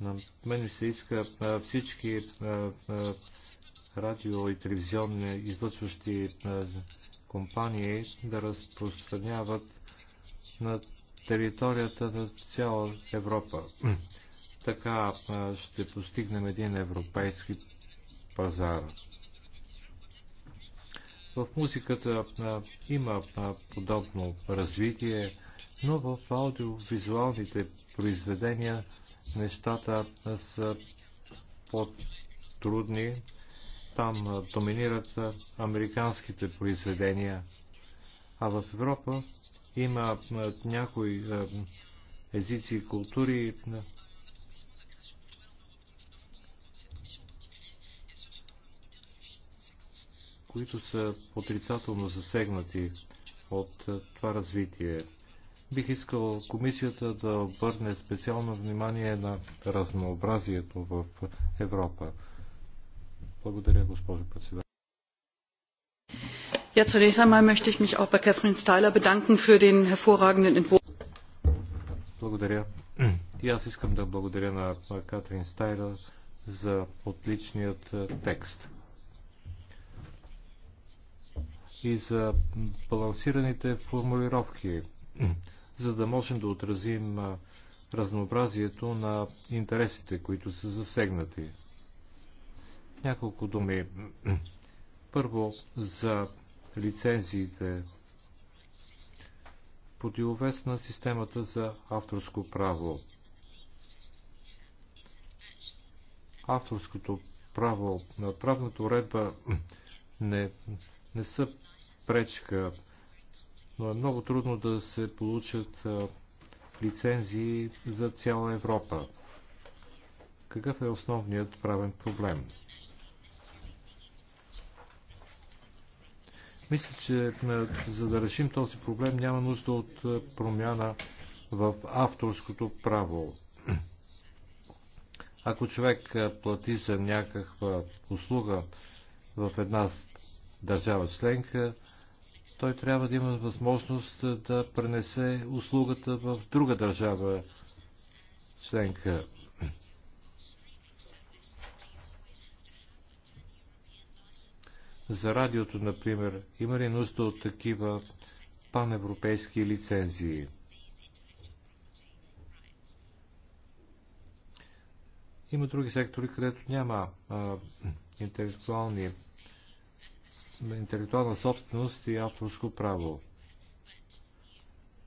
На мен се иска всички радио и телевизионни излъчващи е, компании да разпространяват на територията на цяла Европа. Така е, ще постигнем един европейски пазар. В музиката е, има подобно развитие, но в аудиовизуалните произведения нещата са по-трудни, там доминират американските произведения, а в Европа има някои езици и култури, които са отрицателно засегнати от това развитие. Бих искал комисията да обърне специално внимание на разнообразието в Европа. Благодаря, госпожо председател. Ja, zunächst einmal möchte ich mich auch bei Catherine Styler bedanken für den hervorragenden Entwurf. Благодаря. И аз искам да благодаря на Катрин Стайлер за отличният е, текст и за балансираните формулировки, за да можем да отразим е, разнообразието на интересите, които са засегнати. Няколко думи. Първо за лицензиите. Противовес на системата за авторско право. Авторското право на правната уредба не, не са пречка, но е много трудно да се получат лицензии за цяла Европа. Какъв е основният правен проблем? Мисля, че е, за да решим този проблем няма нужда от е, промяна в авторското право. Ако човек е, плати за някаква услуга в една държава членка, той трябва да има възможност да пренесе услугата в друга държава членка. За радиото, например, има ли нужда от такива паневропейски лицензии? Има други сектори, където няма а, интелектуални, интелектуална собственост и авторско право.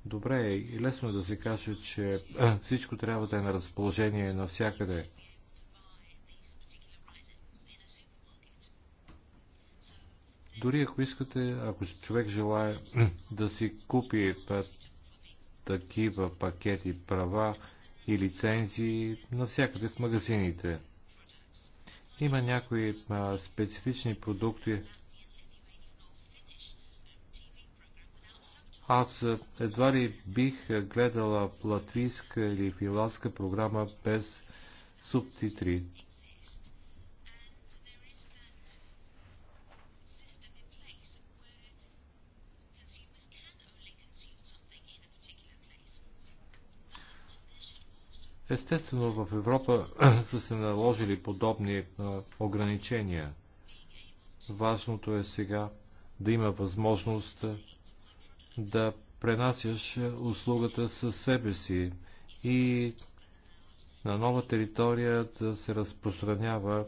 Добре, е и лесно е да се каже, че всичко трябва да е на разположение навсякъде. Дори ако искате, ако човек желая да си купи такива пакети права и лицензии навсякъде в магазините. Има някои а, специфични продукти. Аз едва ли бих гледала латвийска или филанска програма без субтитри. Естествено, в Европа са се наложили подобни ограничения. Важното е сега да има възможност да пренасяш услугата със себе си и на нова територия да се разпространява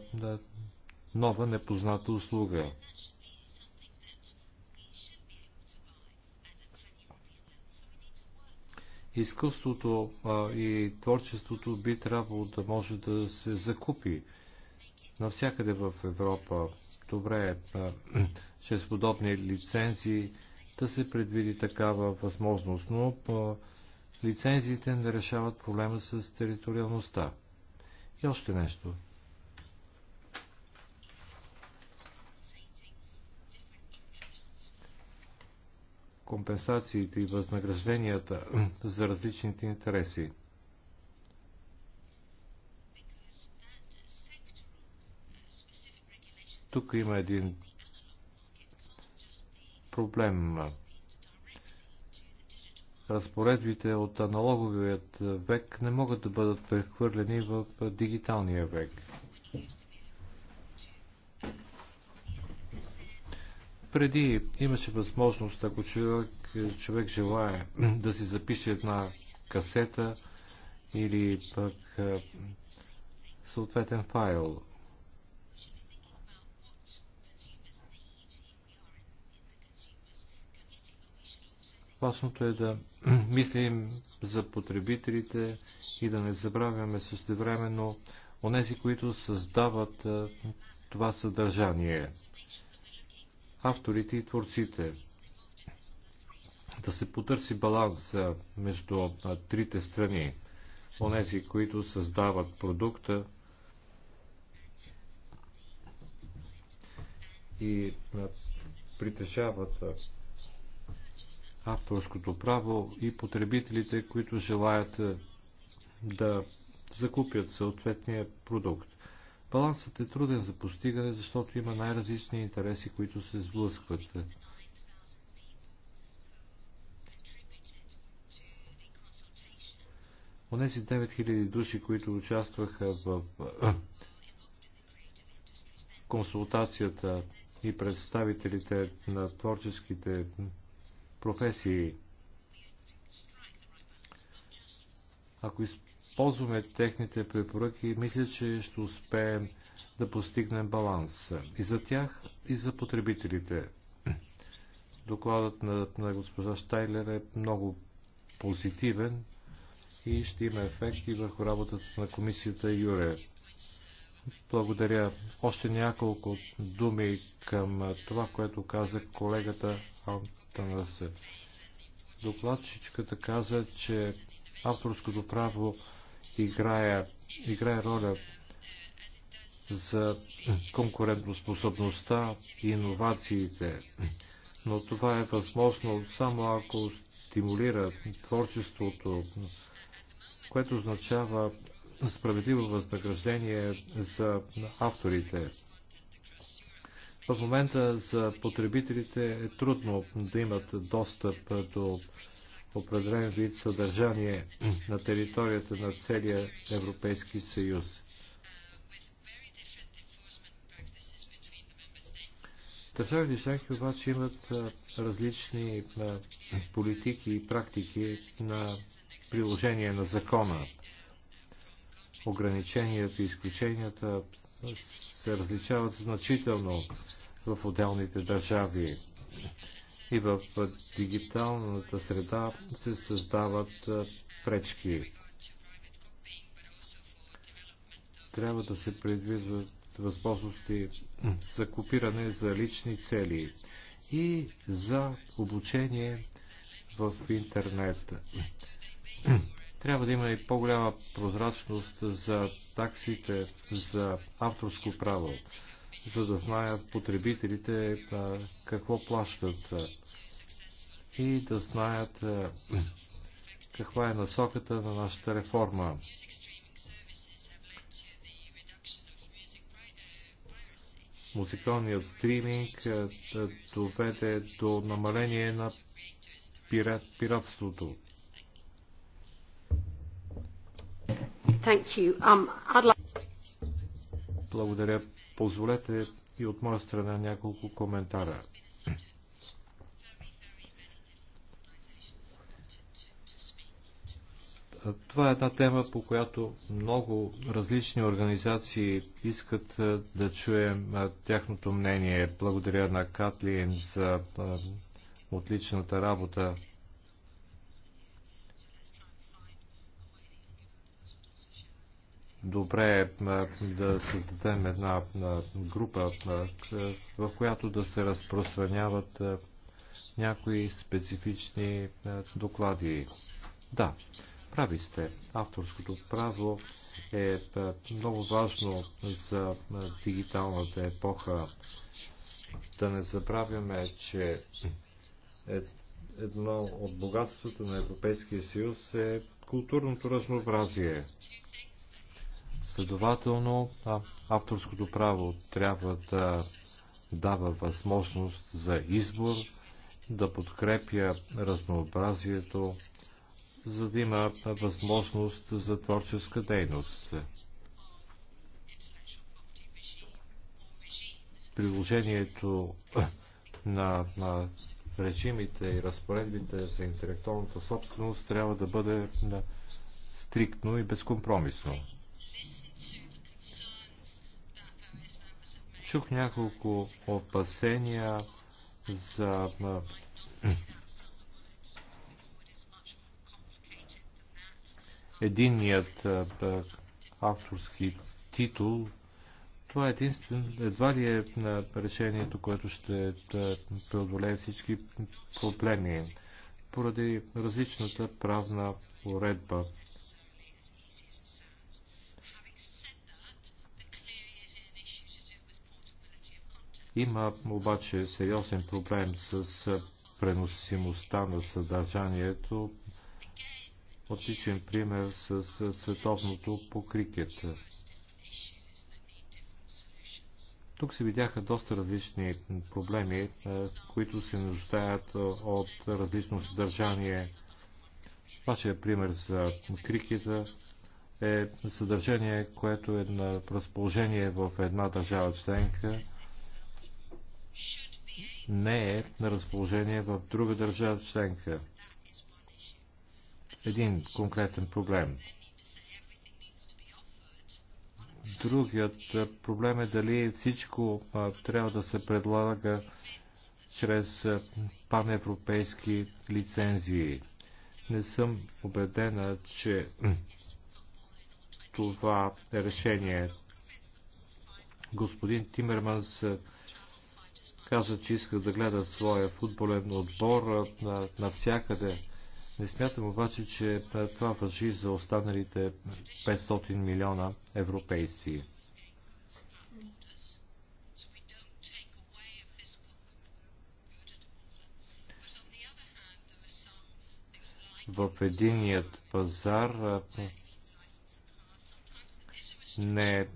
нова непозната услуга. изкуството и творчеството би трябвало да може да се закупи навсякъде в Европа. Добре е чрез подобни лицензии да се предвиди такава възможност, но лицензиите не решават проблема с териториалността. И още нещо – компенсациите и възнагражденията за различните интереси. Тук има един проблем. Разпоредбите от аналоговият век не могат да бъдат прехвърлени в дигиталния век. Преди имаше възможност, ако човек, човек желая да си запише една касета или пък съответен файл. Важното е да мислим за потребителите и да не забравяме същевременно онези, които създават това съдържание авторите и творците. Да се потърси баланс между трите страни, онези, които създават продукта и притежават авторското право и потребителите, които желаят да закупят съответния продукт. Балансът е труден за постигане, защото има най-различни интереси, които се сблъскват. Онези 9000 души, които участваха в консултацията и представителите на творческите професии, ако изпълнят Ползваме техните препоръки, мисля, че ще успеем да постигнем баланс и за тях, и за потребителите. Докладът на, на госпожа Штайлер е много позитивен и ще има ефект и върху работата на комисията Юре. Благодаря. Още няколко думи към това, което каза колегата Антанасе. Докладчичката каза, че авторското право играе, играе роля за конкурентоспособността и иновациите, но това е възможно само ако стимулира творчеството, което означава справедливо възнаграждение за авторите. В момента за потребителите е трудно да имат достъп до определен вид съдържание на територията на целия Европейски съюз. Държавите членки обаче имат различни политики и практики на приложение на закона. Ограниченията и изключенията се различават значително в отделните държави и в дигиталната среда се създават пречки. Трябва да се предвиждат възможности за копиране за лични цели и за обучение в интернет. Трябва да има и по-голяма прозрачност за таксите за авторско право за да знаят потребителите какво плащат и да знаят каква е насоката на нашата реформа. Музикалният стриминг доведе до намаление на пират, пиратството. Um, Благодаря. Позволете и от моя страна няколко коментара. Това е една тема, по която много различни организации искат да чуем тяхното мнение. Благодаря на Катлин за отличната работа. добре е да създадем една група, в която да се разпространяват някои специфични доклади. Да, прави сте. Авторското право е много важно за дигиталната епоха. Да не забравяме, че е, едно от богатствата на Европейския съюз е културното разнообразие. Следователно, авторското право трябва да дава възможност за избор, да подкрепя разнообразието, за да има възможност за творческа дейност. Приложението на, на режимите и разпоредбите за интелектуалната собственост трябва да бъде стриктно и безкомпромисно. Чух няколко опасения за единият авторски титул. Това е единствен, едва ли е решението, което ще преодолее всички проблеми поради различната правна уредба Има обаче сериозен проблем с преносимостта на съдържанието. Отличен пример с световното по крикет. Тук се видяха доста различни проблеми, които се нуждаят от различно съдържание. Вашия пример за крикета е съдържание, което е на разположение в една държава членка не е на разположение в друга държава членка. Един конкретен проблем. Другият проблем е дали всичко трябва да се предлага чрез паневропейски лицензии. Не съм убедена, че това е решение. Господин Тимерманс казват, че искат да гледат своя футболен отбор навсякъде. Не смятам обаче, че това въжи за останалите 500 милиона европейци. В единият пазар не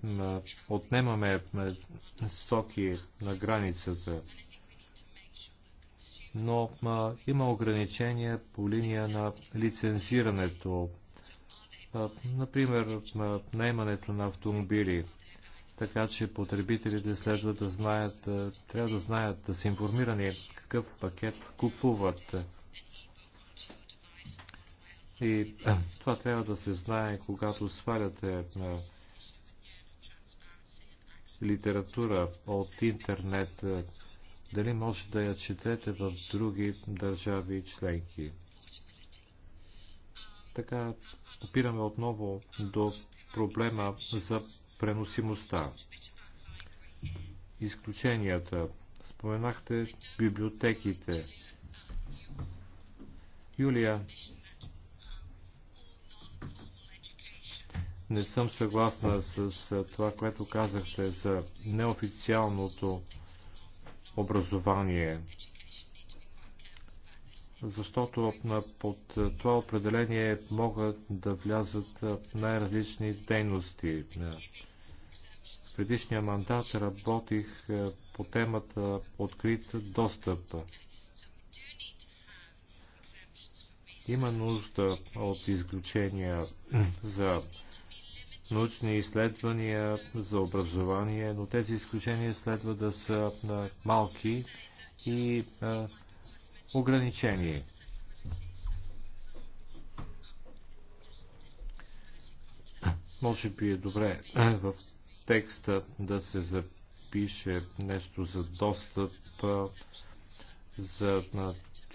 отнемаме стоки на границата. Но има ограничения по линия на лицензирането, например, наемането на автомобили така че потребителите следва да знаят, е, трябва да знаят, да са информирани какъв пакет купуват. И това трябва да се знае, когато сваляте литература от интернет, е, дали може да я четете в други държави и членки. Така опираме отново до проблема за преносимостта. Изключенията. Споменахте библиотеките. Юлия, Не съм съгласна с това, което казахте за неофициалното образование. Защото под това определение могат да влязат най-различни дейности. В предишния мандат работих по темата открит достъп. Има нужда от изключения за научни изследвания за образование, но тези изключения следва да са малки и ограничени. Може би е добре в текста да се запише нещо за достъп за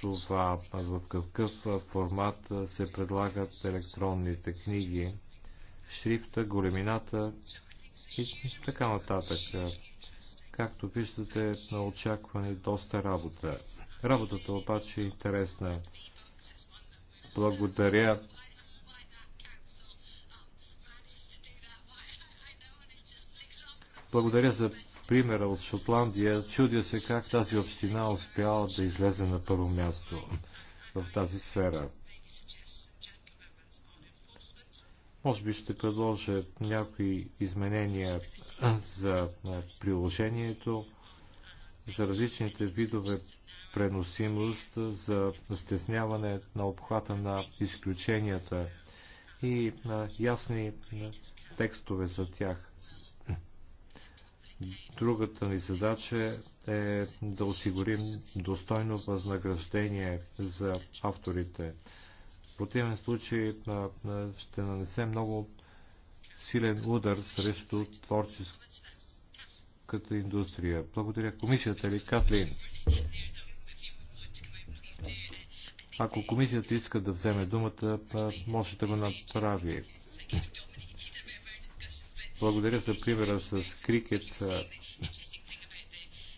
това в какъв формат се предлагат електронните книги шрифта, големината и така нататък. Както виждате, на очакване доста работа. Работата обаче е интересна. Благодаря Благодаря за примера от Шотландия. Чудя се как тази община успяла да излезе на първо място в тази сфера. Може би ще предложа някои изменения за приложението, за различните видове преносимост, за стесняване на обхвата на изключенията и ясни текстове за тях. Другата ни задача е да осигурим достойно възнаграждение за авторите. В противен случай ще нанесе много силен удар срещу творческата индустрия. Благодаря. Комисията ли, Катлин? Ако комисията иска да вземе думата, може да го направи. Благодаря за примера с крикет.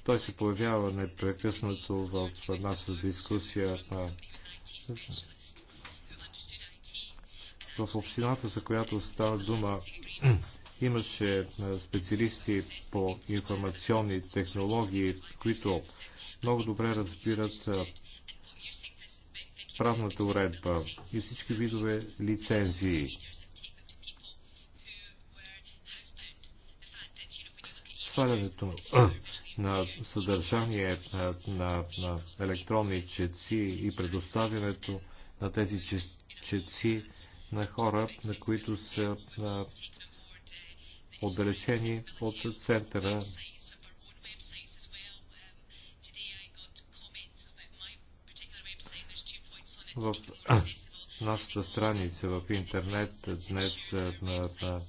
Той се появява непрекъснато в нашата дискусия. В общината, за която става дума, имаше е, специалисти по информационни технологии, които много добре разбират е, правната уредба и всички видове лицензии. Свалянето е, на съдържание на, на, на електронни четци и предоставянето на тези четци на хора, на които са отдалечени от центъра. В нашата страница в интернет днес на, на,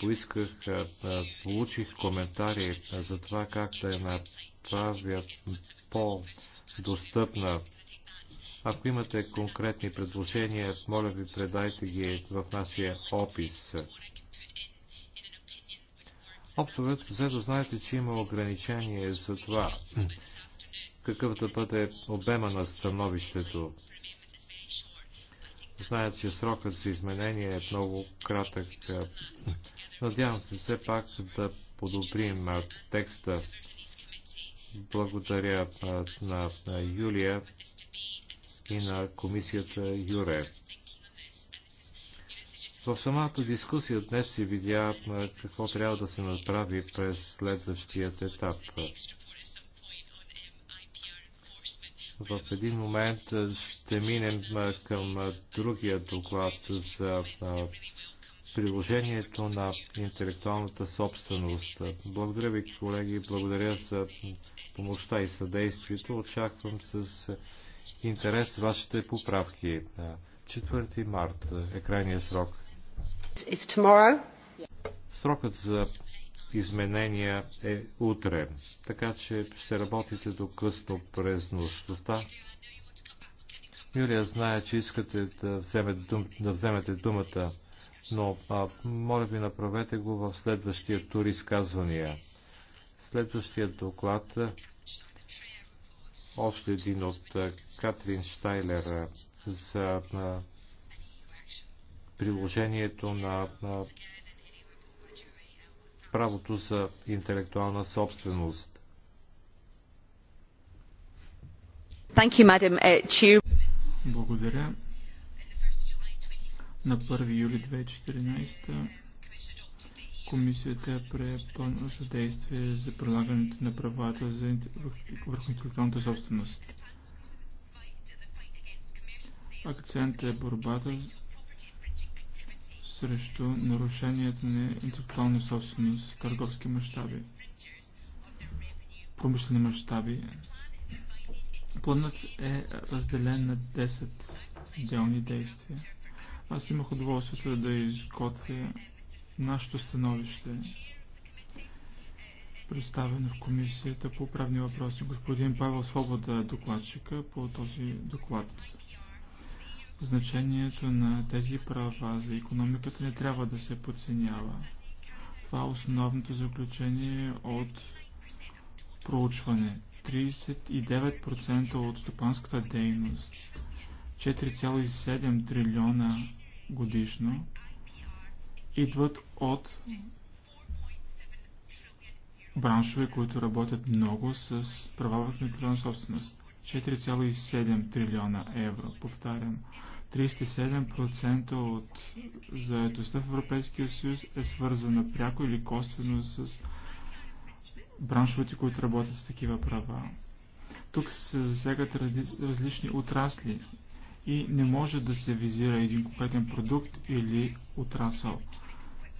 поисках, на, получих коментари за това как да я направя по-достъпна ако имате конкретни предложения, моля ви, предайте ги в нашия опис. Общо да знаете, че има ограничение за това какъв да бъде обема на становището. Знаят, че срокът за изменение е много кратък. Надявам се все пак да подобрим текста. Благодаря на Юлия и на комисията Юре. В самата дискусия днес си видя какво трябва да се направи през следващият етап. В един момент ще минем към другия доклад за приложението на интелектуалната собственост. Благодаря ви, колеги, благодаря за помощта и съдействието. Очаквам с интерес вашите поправки. 4 е, март е крайният срок. Срокът за изменения е утре, така че ще работите до късно през нощта. Юлия знае, че искате да вземете, дум, да вземете думата, но а, моля ви направете го в следващия тур изказвания. Следващия доклад още един от Катрин Штайлер за приложението на правото за интелектуална собственост. Uh, Благодаря. На 1 юли 2014 Комисията прие пълно съдействие за прилагането на правата за върху интелектуалната собственост. Акцент е борбата срещу нарушението на интелектуална собственост в търговски мащаби, промишлени мащаби. Планът е разделен на 10 отделни действия. Аз имах удоволствието да изготвя нашето становище, представено в Комисията по правни въпроси. Господин Павел Свобода е докладчика по този доклад. Значението на тези права за економиката не трябва да се подценява. Това е основното заключение от проучване. 39% от стопанската дейност, 4,7 трилиона годишно, идват от браншове, които работят много с права в интелектуална собственост. 4,7 трилиона евро, повтарям. 37% от заедостта в Европейския съюз е свързана пряко или косвено с браншовете, които работят с такива права. Тук се засягат различни отрасли и не може да се визира един конкретен продукт или отрасъл.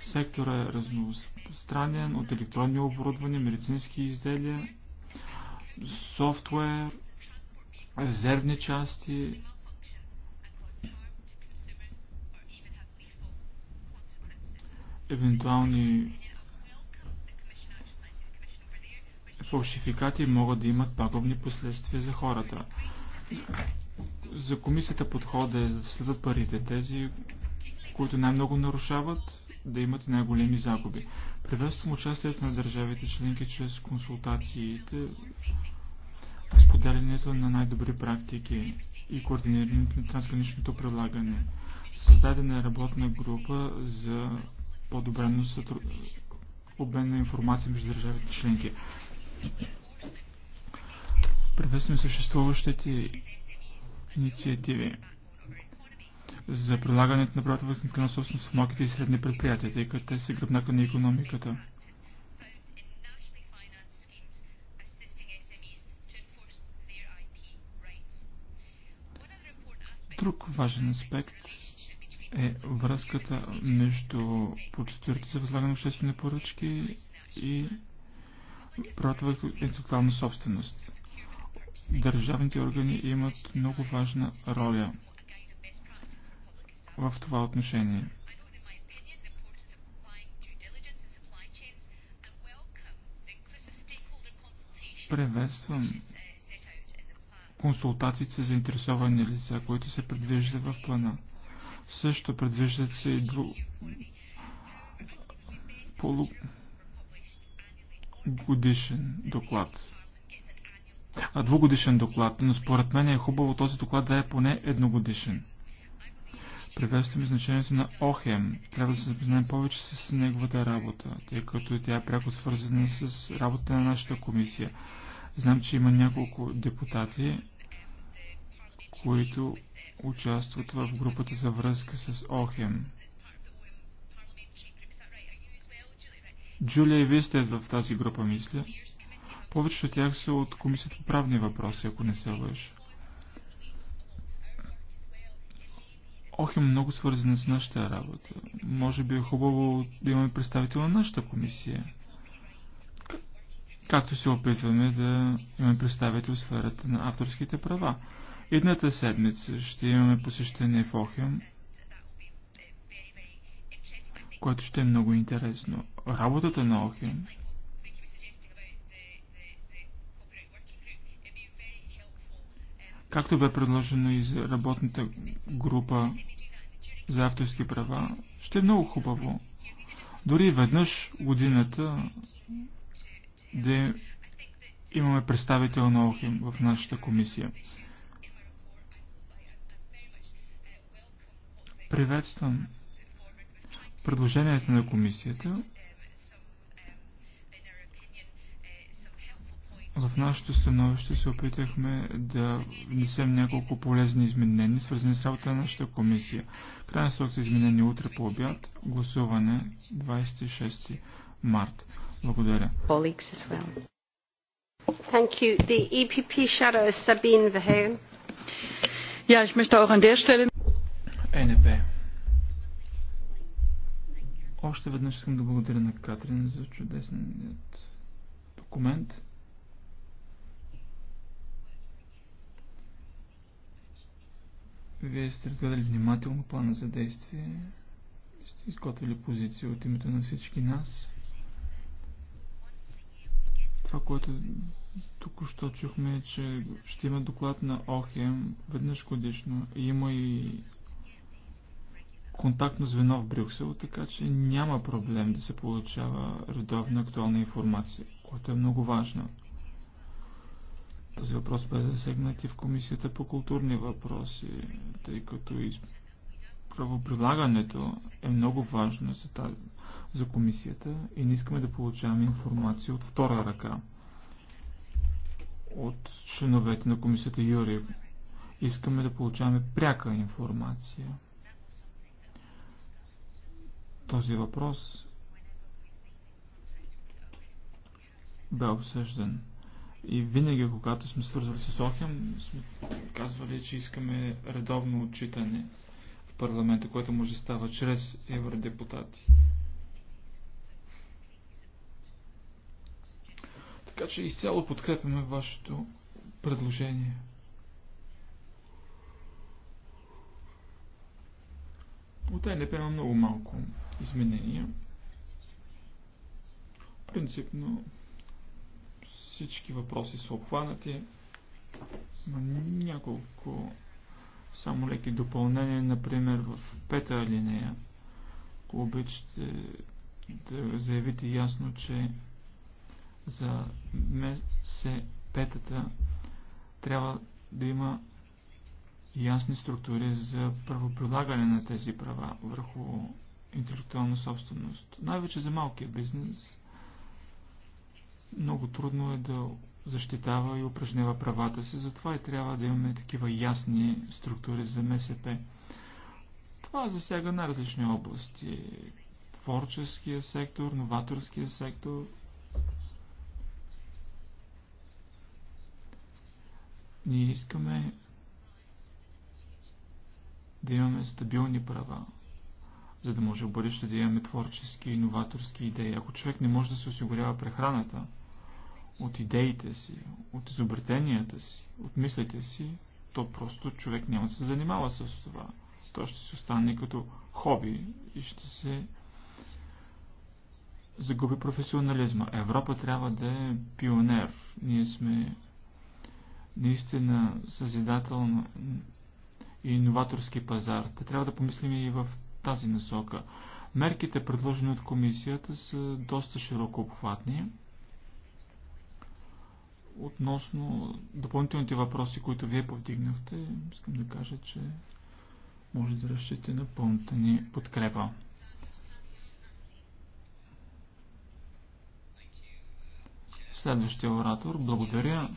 Сектора е разностранен от електронни оборудвания, медицински изделия, софтуер, резервни части, евентуални фалшификати могат да имат пагубни последствия за хората. За комисията подхода е да следват парите, тези, които най-много нарушават, да имат най-големи загуби. Приветствам участието на държавите членки чрез консултациите, споделянето на най-добри практики и координирането на трансграничното прилагане. Създадена е работна група за по-добрено сътру... обмен на информация между държавите членки. Приветствам съществуващите инициативи за прилагането на правата върху на собственост в малките и средни предприятия, тъй като те са гръбнака на економиката. Друг важен аспект е връзката между процедурите за възлагане на обществени поръчки и правата върху интелектуална собственост. Държавните органи имат много важна роля – в това отношение. Приветствам консултациите за заинтересовани лица, които се предвиждат в плана. Също предвиждат се и дру... полу... годишен доклад. А двугодишен доклад, но според мен е хубаво този доклад да е поне едногодишен. Приветстваме значението на Охем. Трябва да се запознаем повече с неговата работа, тъй като тя е пряко свързана с работа на нашата комисия. Знам, че има няколко депутати, които участват в групата за връзка с Охем. Джулия и вие сте в тази група, мисля. Повечето от тях са от Комисията по правни въпроси, ако не се лъжа. Ох, е много свързана с нашата работа. Може би е хубаво да имаме представител на нашата комисия. Както се опитваме да имаме представител в сферата на авторските права. Едната седмица ще имаме посещение в Охем, което ще е много интересно. Работата на Охем Както бе предложено и за работната група за авторски права, ще е много хубаво. Дори веднъж годината да имаме представител на ОХИМ в нашата комисия. Приветствам предложенията на комисията В нашето становище се опитахме да внесем няколко полезни изменения, свързани с работа на нашата комисия. Крайна срок за изменени е утре по обяд, гласуване 26 март. Благодаря. Thank you. The EPP shadow is Sabine Verheyen. Ja, ich möchte auch an der Stelle... НП. Още веднъж искам да благодаря на Катрин за чудесният документ. Вие сте разгледали внимателно плана за действие, сте изготвили позиция от името на всички нас. Това, което току-що чухме е, че ще има доклад на ОХЕМ веднъж годишно. Има и контактно звено в Брюксел, така че няма проблем да се получава редовна актуална информация, което е много важно. Този въпрос бе засегнат и в Комисията по културни въпроси, тъй като и правоприлагането е много важно за, тази, за Комисията и не искаме да получаваме информация от втора ръка от членовете на Комисията Юри. Искаме да получаваме пряка информация. Този въпрос бе обсъждан. И винаги, когато сме свързвали с Охем, сме казвали, че искаме редовно отчитане в парламента, което може да става чрез евродепутати. Така че изцяло подкрепяме вашето предложение. От ЕНП има много малко изменения. Принципно всички въпроси са обхванати. Има няколко само леки допълнения, например в пета алинея. Ако обичате да заявите ясно, че за МСЕ петата трябва да има ясни структури за правоприлагане на тези права върху интелектуална собственост. Най-вече за малкия бизнес много трудно е да защитава и упражнява правата си, затова и трябва да имаме такива ясни структури за МСП. Това засяга на различни области. Творческия сектор, новаторския сектор. Ние искаме да имаме стабилни права, за да може в бъдеще да имаме творчески и новаторски идеи. Ако човек не може да се осигурява прехраната, от идеите си, от изобретенията си, от мислите си, то просто човек няма да се занимава с това. То ще се остане като хоби и ще се загуби професионализма. Европа трябва да е пионер. Ние сме наистина съзидател и иноваторски пазар. Те трябва да помислим и в тази насока. Мерките, предложени от комисията, са доста широко обхватни. Относно допълнителните въпроси, които вие повдигнахте, искам да кажа, че може да разчитате на пълната ни подкрепа. Следващия оратор. Благодаря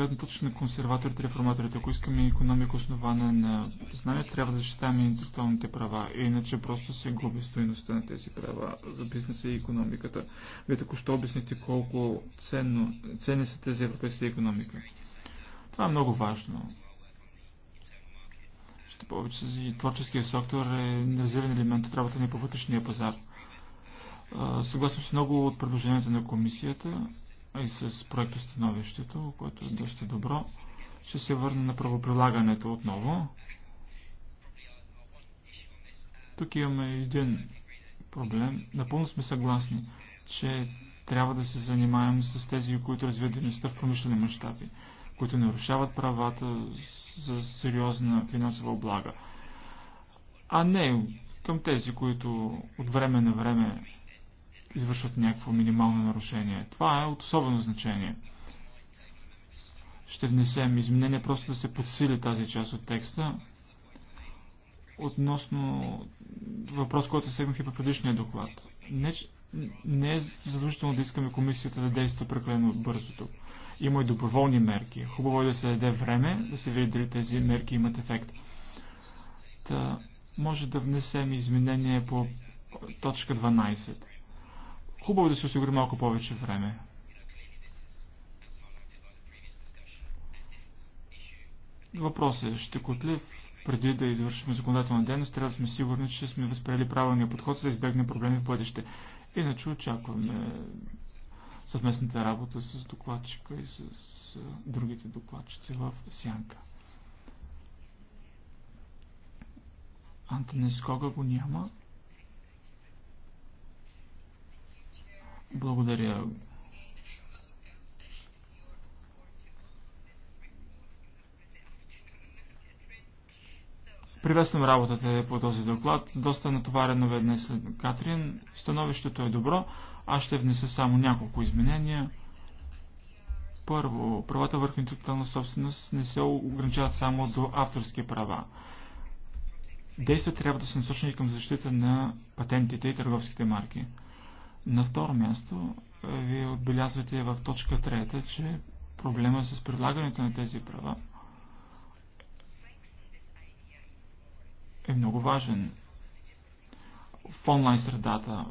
гледна точка на консерваторите и реформаторите. Ако искаме економика основана на знания, трябва да защитаваме интелектуалните права. Иначе просто се губи стоиността на тези права за бизнеса и економиката. Вие току-що обясните колко ценно, ценни са тези европейски економика. Това е много важно. Ще повече за творческия сектор е неразделен елемент от работа ни по вътрешния пазар. Съгласен с много от предложенията на комисията и с проектостановището, което е доста добро. Ще се върна на правоприлагането отново. Тук имаме един проблем. Напълно сме съгласни, че трябва да се занимаем с тези, които развиват дейността в промишлени мащаби, които нарушават правата за сериозна финансова облага, а не към тези, които от време на време извършват някакво минимално нарушение. Това е от особено значение. Ще внесем изменения просто да се подсили тази част от текста относно въпрос, който сегнах и по предишния доклад. Не, не е задължително да искаме комисията да действа прекалено бързо тук. Има и доброволни мерки. Хубаво е да се даде време, да се види дали тези мерки имат ефект. Та, може да внесем изменение по точка 12. Хубаво е да се осигури малко повече време. Въпросът е, ще котлив преди да извършим законодателна дейност, трябва да сме сигурни, че сме възприели правилния подход, за да избегнем проблеми в бъдеще. Иначе очакваме съвместната работа с докладчика и с другите докладчици в Сянка. Антонис Кога го няма. Благодаря. Приветствам работата по този доклад. Доста натоварено днес след Катрин. Становището е добро. Аз ще внеса само няколко изменения. Първо, правата върху интелектуална собственост не се ограничават само до авторски права. Действията трябва да са насочени към защита на патентите и търговските марки. На второ място, е, вие отбелязвате в точка 3, че проблема е с предлагането на тези права е много важен. В онлайн средата,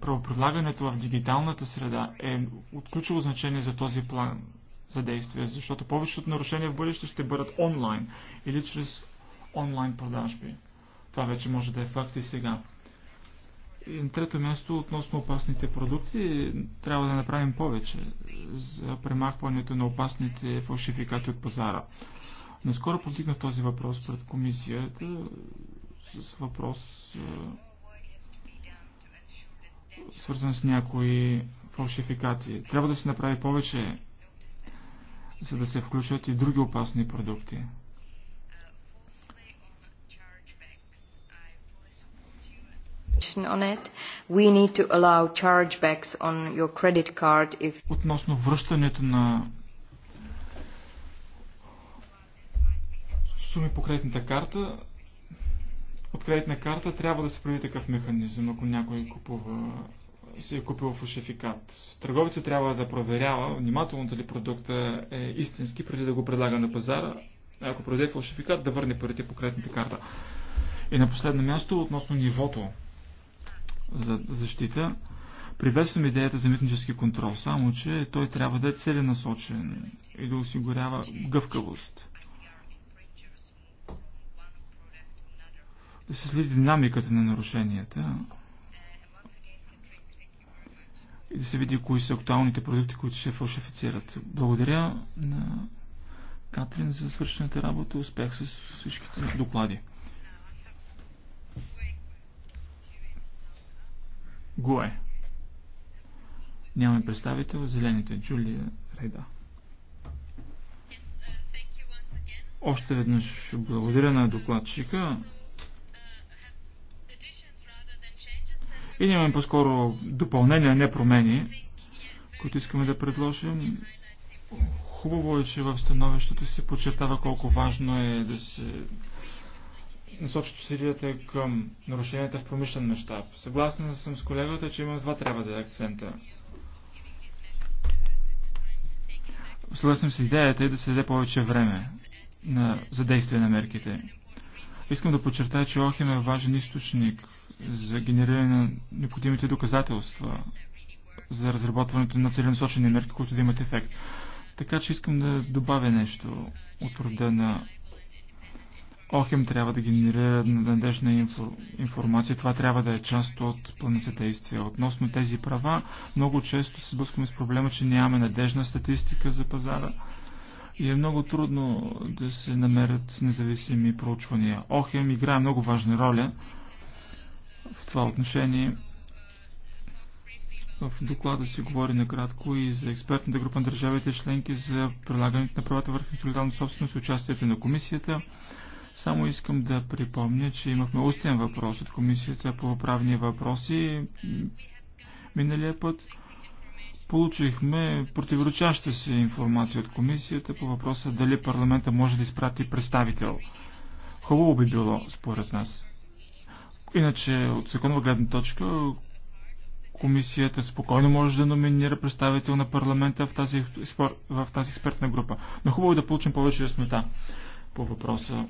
правопредлагането в дигиталната среда е от ключово значение за този план за действие, защото повечето нарушения в бъдеще ще бъдат онлайн или чрез онлайн продажби. Това вече може да е факт и сега. И на трето място, относно опасните продукти, трябва да направим повече за премахването на опасните фалшификати от пазара. Наскоро повдигнах този въпрос пред комисията с въпрос е, свързан с някои фалшификати. Трябва да се направи повече, за да се включат и други опасни продукти. Относно връщането на суми по кредитната карта, от кредитна карта трябва да се прави такъв механизъм, ако някой купува, се е купил фалшификат. Търговица трябва да проверява внимателно дали продукта е истински, преди да го предлага на пазара. Ако продаде фалшификат, да върне парите по кредитната карта. И на последно място, относно нивото за защита. Приветствам идеята за митнически контрол, само че той трябва да е целенасочен и да осигурява гъвкавост. Да се следи динамиката на нарушенията и да се види кои са актуалните продукти, които ще фалшифицират. Благодаря на Катрин за свършената работа. Успех с всичките доклади. Гуе. Нямаме представител. Зелените. Джулия Рейда. Още веднъж благодаря на докладчика. И нямаме по-скоро допълнения, не промени, които искаме да предложим. Хубаво е, че в становището се подчертава колко важно е да се насочат усилията към нарушенията в промишлен мащаб. Съгласен съм с колегата, че именно това трябва да е акцента. Съгласен с идеята е да се даде повече време на, за действие на мерките. Искам да подчертая, че Охим е важен източник за генериране на необходимите доказателства за разработването на целенасочени мерки, които да имат ефект. Така че искам да добавя нещо от рода на Охим трябва да генерира надежна информация. Това трябва да е част от плана за действие. Относно тези права, много често се сблъскваме с проблема, че нямаме надежна статистика за пазара и е много трудно да се намерят независими проучвания. Охем играе много важна роля в това отношение. В доклада се говори накратко и за експертната група на държавите членки за прилагането на правата върху интелектуална собственост, и участието на комисията само искам да припомня, че имахме устен въпрос от Комисията по правни въпроси миналия път. Получихме противоречаща се информация от Комисията по въпроса дали парламента може да изпрати представител. Хубаво би било, според нас. Иначе, от законова гледна точка, комисията спокойно може да номинира представител на парламента в тази, в тази експертна група. Но хубаво е да получим повече яснота по въпроса.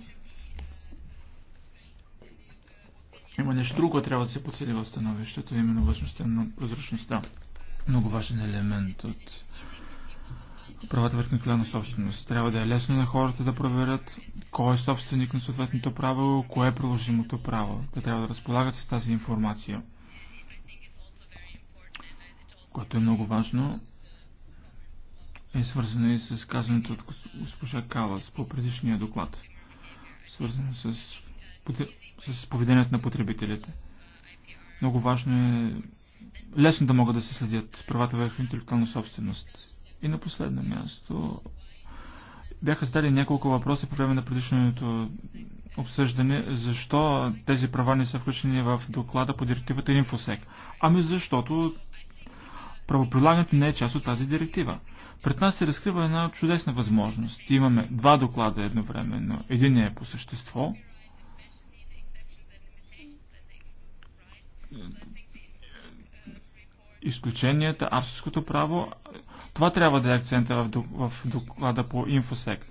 Има нещо друго, което трябва да се подсели в становището, именно външността на прозрачността. Много важен елемент от правата върху на собственост. Трябва да е лесно на хората да проверят кой е собственик на съответното право, кое е приложимото право. Те трябва да разполагат с тази информация, което е много важно. Е свързано и с казаното от госпожа Калас по предишния доклад, свързано с с поведението на потребителите. Много важно е лесно да могат да се следят правата върху интелектуална собственост. И на последно място бяха стали няколко въпроса по време на предишното обсъждане, защо тези права не са включени в доклада по директивата Инфосек. Ами защото правоприлагането не е част от тази директива. Пред нас се разкрива една чудесна възможност. Имаме два доклада едновременно. Един е по същество, изключенията, авторското право. Това трябва да е акцента в доклада по Инфосек.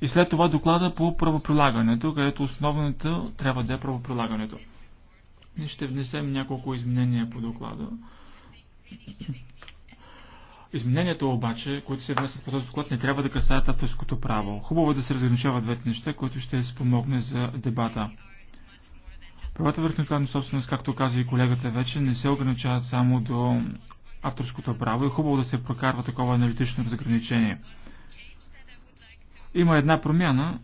И след това доклада по правоприлагането, където основната трябва да е правоприлагането. Ние ще внесем няколко изменения по доклада. Измененията обаче, които се внесат по този доклад, не трябва да касаят авторското право. Хубаво е да се разграничават двете неща, които ще спомогне за дебата. Правата върху интелектуална собственост, както каза и колегата вече, не се ограничават само до авторското право и е хубаво да се прокарва такова аналитично разграничение. Има една промяна,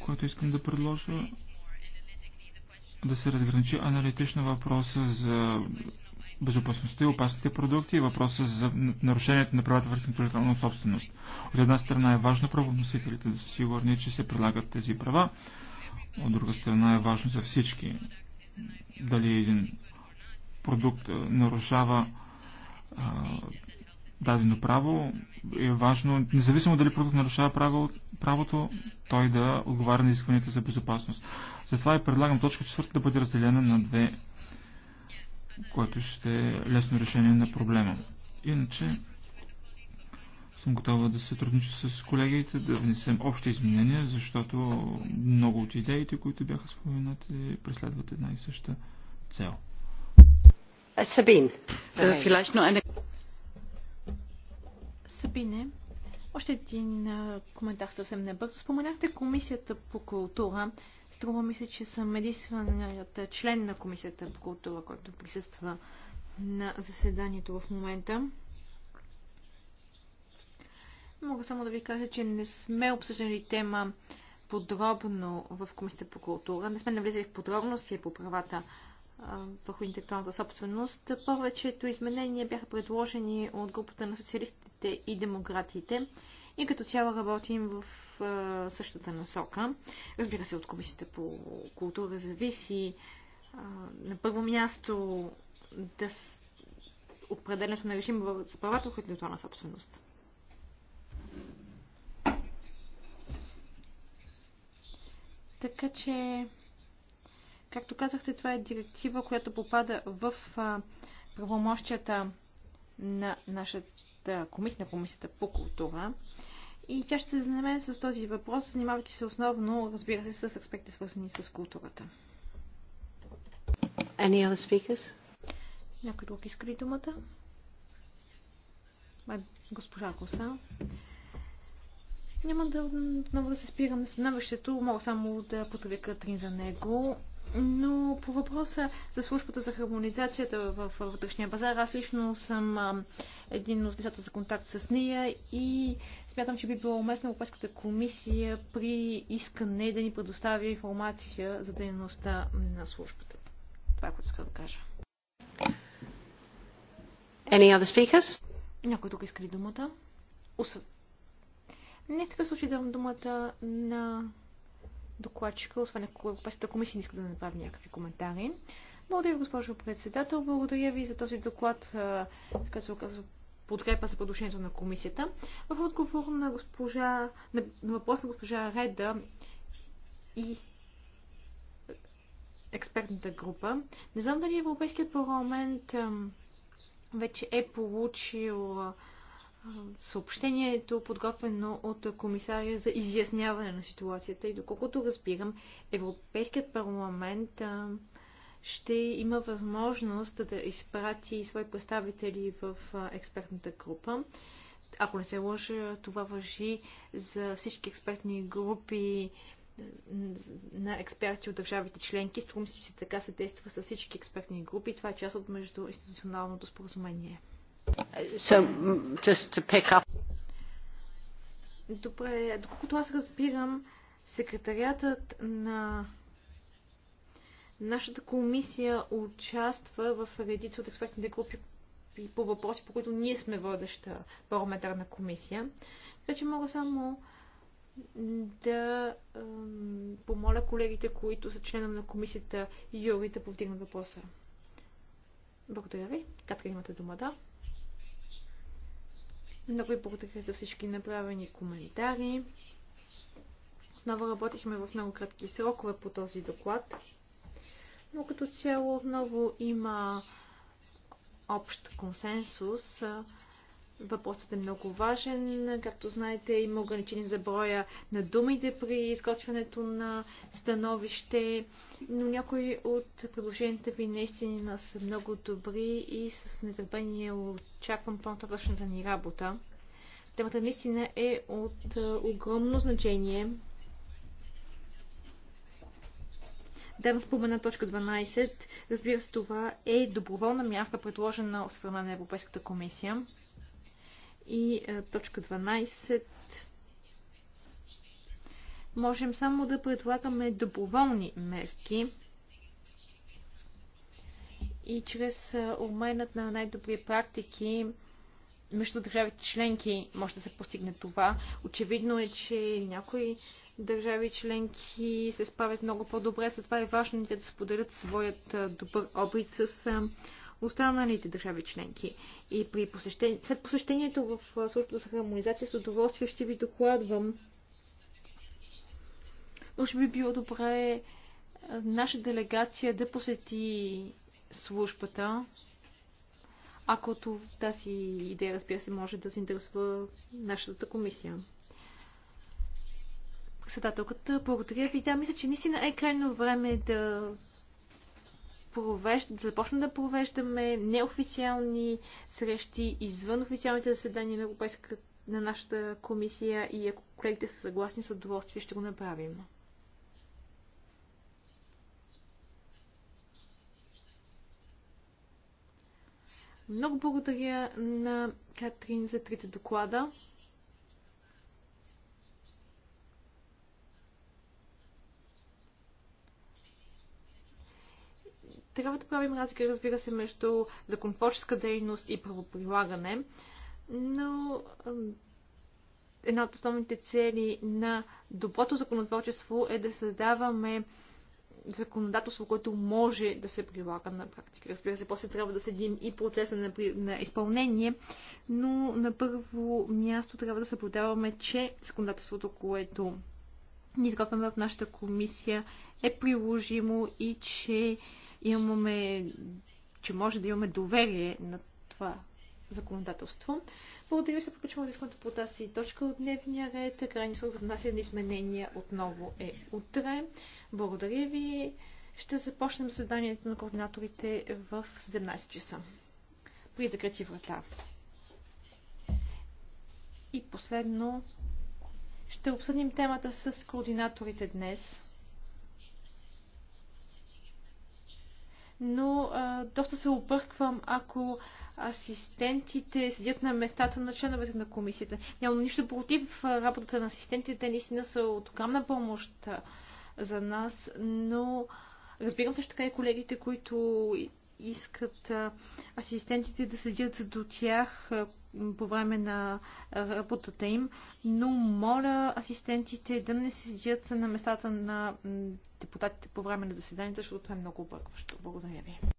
която искам да предложа да се разграничи аналитично въпроса за безопасността и опасните продукти и въпроса за нарушението на правата върху интелектуална собственост. От една страна е важно правоносителите да са сигурни, че се прилагат тези права. От друга страна е важно за всички дали един продукт нарушава а, дадено право. Е важно, независимо дали продукт нарушава право, правото, той да отговаря на изискванията за безопасност. Затова и предлагам точка 4 да бъде разделена на две, което ще е лесно решение на проблема. Иначе, съм готова да сътруднича с колегите, да внесем общи изменения, защото много от идеите, които бяха споменати, преследват една и съща цел. Сабин, е, е Сабине, още един коментар съвсем небързо. Споменахте Комисията по култура. Струва ми се, че съм единственият член на Комисията по култура, който присъства на заседанието в момента. Мога само да ви кажа, че не сме обсъждали тема подробно в Комисията по култура. Не сме навлизали в подробности по правата върху интелектуалната собственост. Повечето изменения бяха предложени от групата на социалистите и демократите и като цяло работим в същата насока. Разбира се, от Комисията по култура зависи на първо място да с... определенето на режим за правата върху интелектуална собственост. Така че, както казахте, това е директива, която попада в правомощията на нашата комисия, на комисията по култура. И тя ще се занимае с този въпрос, занимавайки се основно, разбира се, с аспекти свързани с културата. Any other speakers? Някой друг иска ли думата? Госпожа Коса. Няма да много да се спирам на становището, мога само да потребя Катрин за него. Но по въпроса за службата за хармонизацията в вътрешния пазар, аз лично съм един от лицата за контакт с нея и смятам, че би било уместно Европейската комисия при искане да ни предоставя информация за дейността на службата. Това е което иска да кажа. Any other speakers? Някой тук иска ли думата? Осъд. Не в такъв случай давам думата на докладчика, освен ако Европейската комисия не иска да направи някакви коментари. Благодаря, госпожо председател. Благодаря ви за този доклад, така се оказва подкрепа за предложението на комисията. В отговор на, госпожа, на, на въпрос на госпожа Реда и експертната група, не знам дали Европейският парламент вече е получил съобщението, подготвено от комисария за изясняване на ситуацията. И доколкото разбирам, Европейският парламент ще има възможност да изпрати свои представители в експертната група. Ако не се лъжа, това въжи за всички експертни групи на експерти от държавите членки. Струм че така се действа с всички експертни групи. Това е част от междуинституционалното споразумение. Добре, доколкото аз разбирам, секретариатът на нашата комисия участва в редица от експертните групи по въпроси, по които ние сме водеща парламентарна комисия. Така че мога само да э, помоля колегите, които са членове на комисията Юри да повдигнат въпроса. Благодаря ви. Катка, имате дума, да. Много ви благодаря за всички направени коментари. Отново работихме в много кратки срокове по този доклад. Но като цяло отново има общ консенсус Въпросът е много важен. Както знаете, има ограничени за броя на думите при изготвянето на становище, но някои от предложенията ви наистина са много добри и с нетърпение очаквам по-нататъчната ни работа. Темата наистина е от е, огромно значение. Да, спомена точка 12. Разбира се, това е доброволна мярка, предложена от страна на Европейската комисия и е, точка 12 можем само да предлагаме доброволни мерки и чрез е, обменът на най-добри практики между държавите членки може да се постигне това. Очевидно е, че някои държави членки се справят много по-добре, затова е важно да споделят своят е, добър опит с останалите държави членки. И при посещение, след посещението в службата за хармонизация с удоволствие ще ви докладвам. Може би било добре е, наша делегация да посети службата, ако тази идея, разбира се, може да се интересува нашата комисия председателката. Благодаря ви. Да, мисля, че наистина е крайно време да провежд... започна да провеждаме неофициални срещи извън официалните заседания на Европейската на нашата комисия и ако колегите са съгласни, с удоволствие ще го направим. Много благодаря на Катрин за трите доклада. Трябва да правим разлика, разбира се, между законотворческа дейност и правоприлагане, но една от основните цели на доброто законотворчество е да създаваме законодателство, което може да се прилага на практика. Разбира се, после трябва да следим и процеса на, на изпълнение, но на първо място трябва да съблюдаваме, че законодателството, което ни изготвяме в нашата комисия, е приложимо и че имаме, че може да имаме доверие на това законодателство. Благодаря ви, се приключваме искането по тази точка от дневния ред. Крайни срок за внасяне на изменения отново е утре. Благодаря ви. Ще започнем създанието на координаторите в 17 часа. При закрити врата. И последно ще обсъдим темата с координаторите днес. но а, доста се обърквам, ако асистентите седят на местата на членовете на комисията. Нямам нищо против работата на асистентите, наистина са от огромна помощ за нас, но разбирам също така и колегите, които искат асистентите да седят до тях, по време на работата им, но моля асистентите да не седят на местата на депутатите по време на заседанията, защото това е много объркващо. Благодаря ви.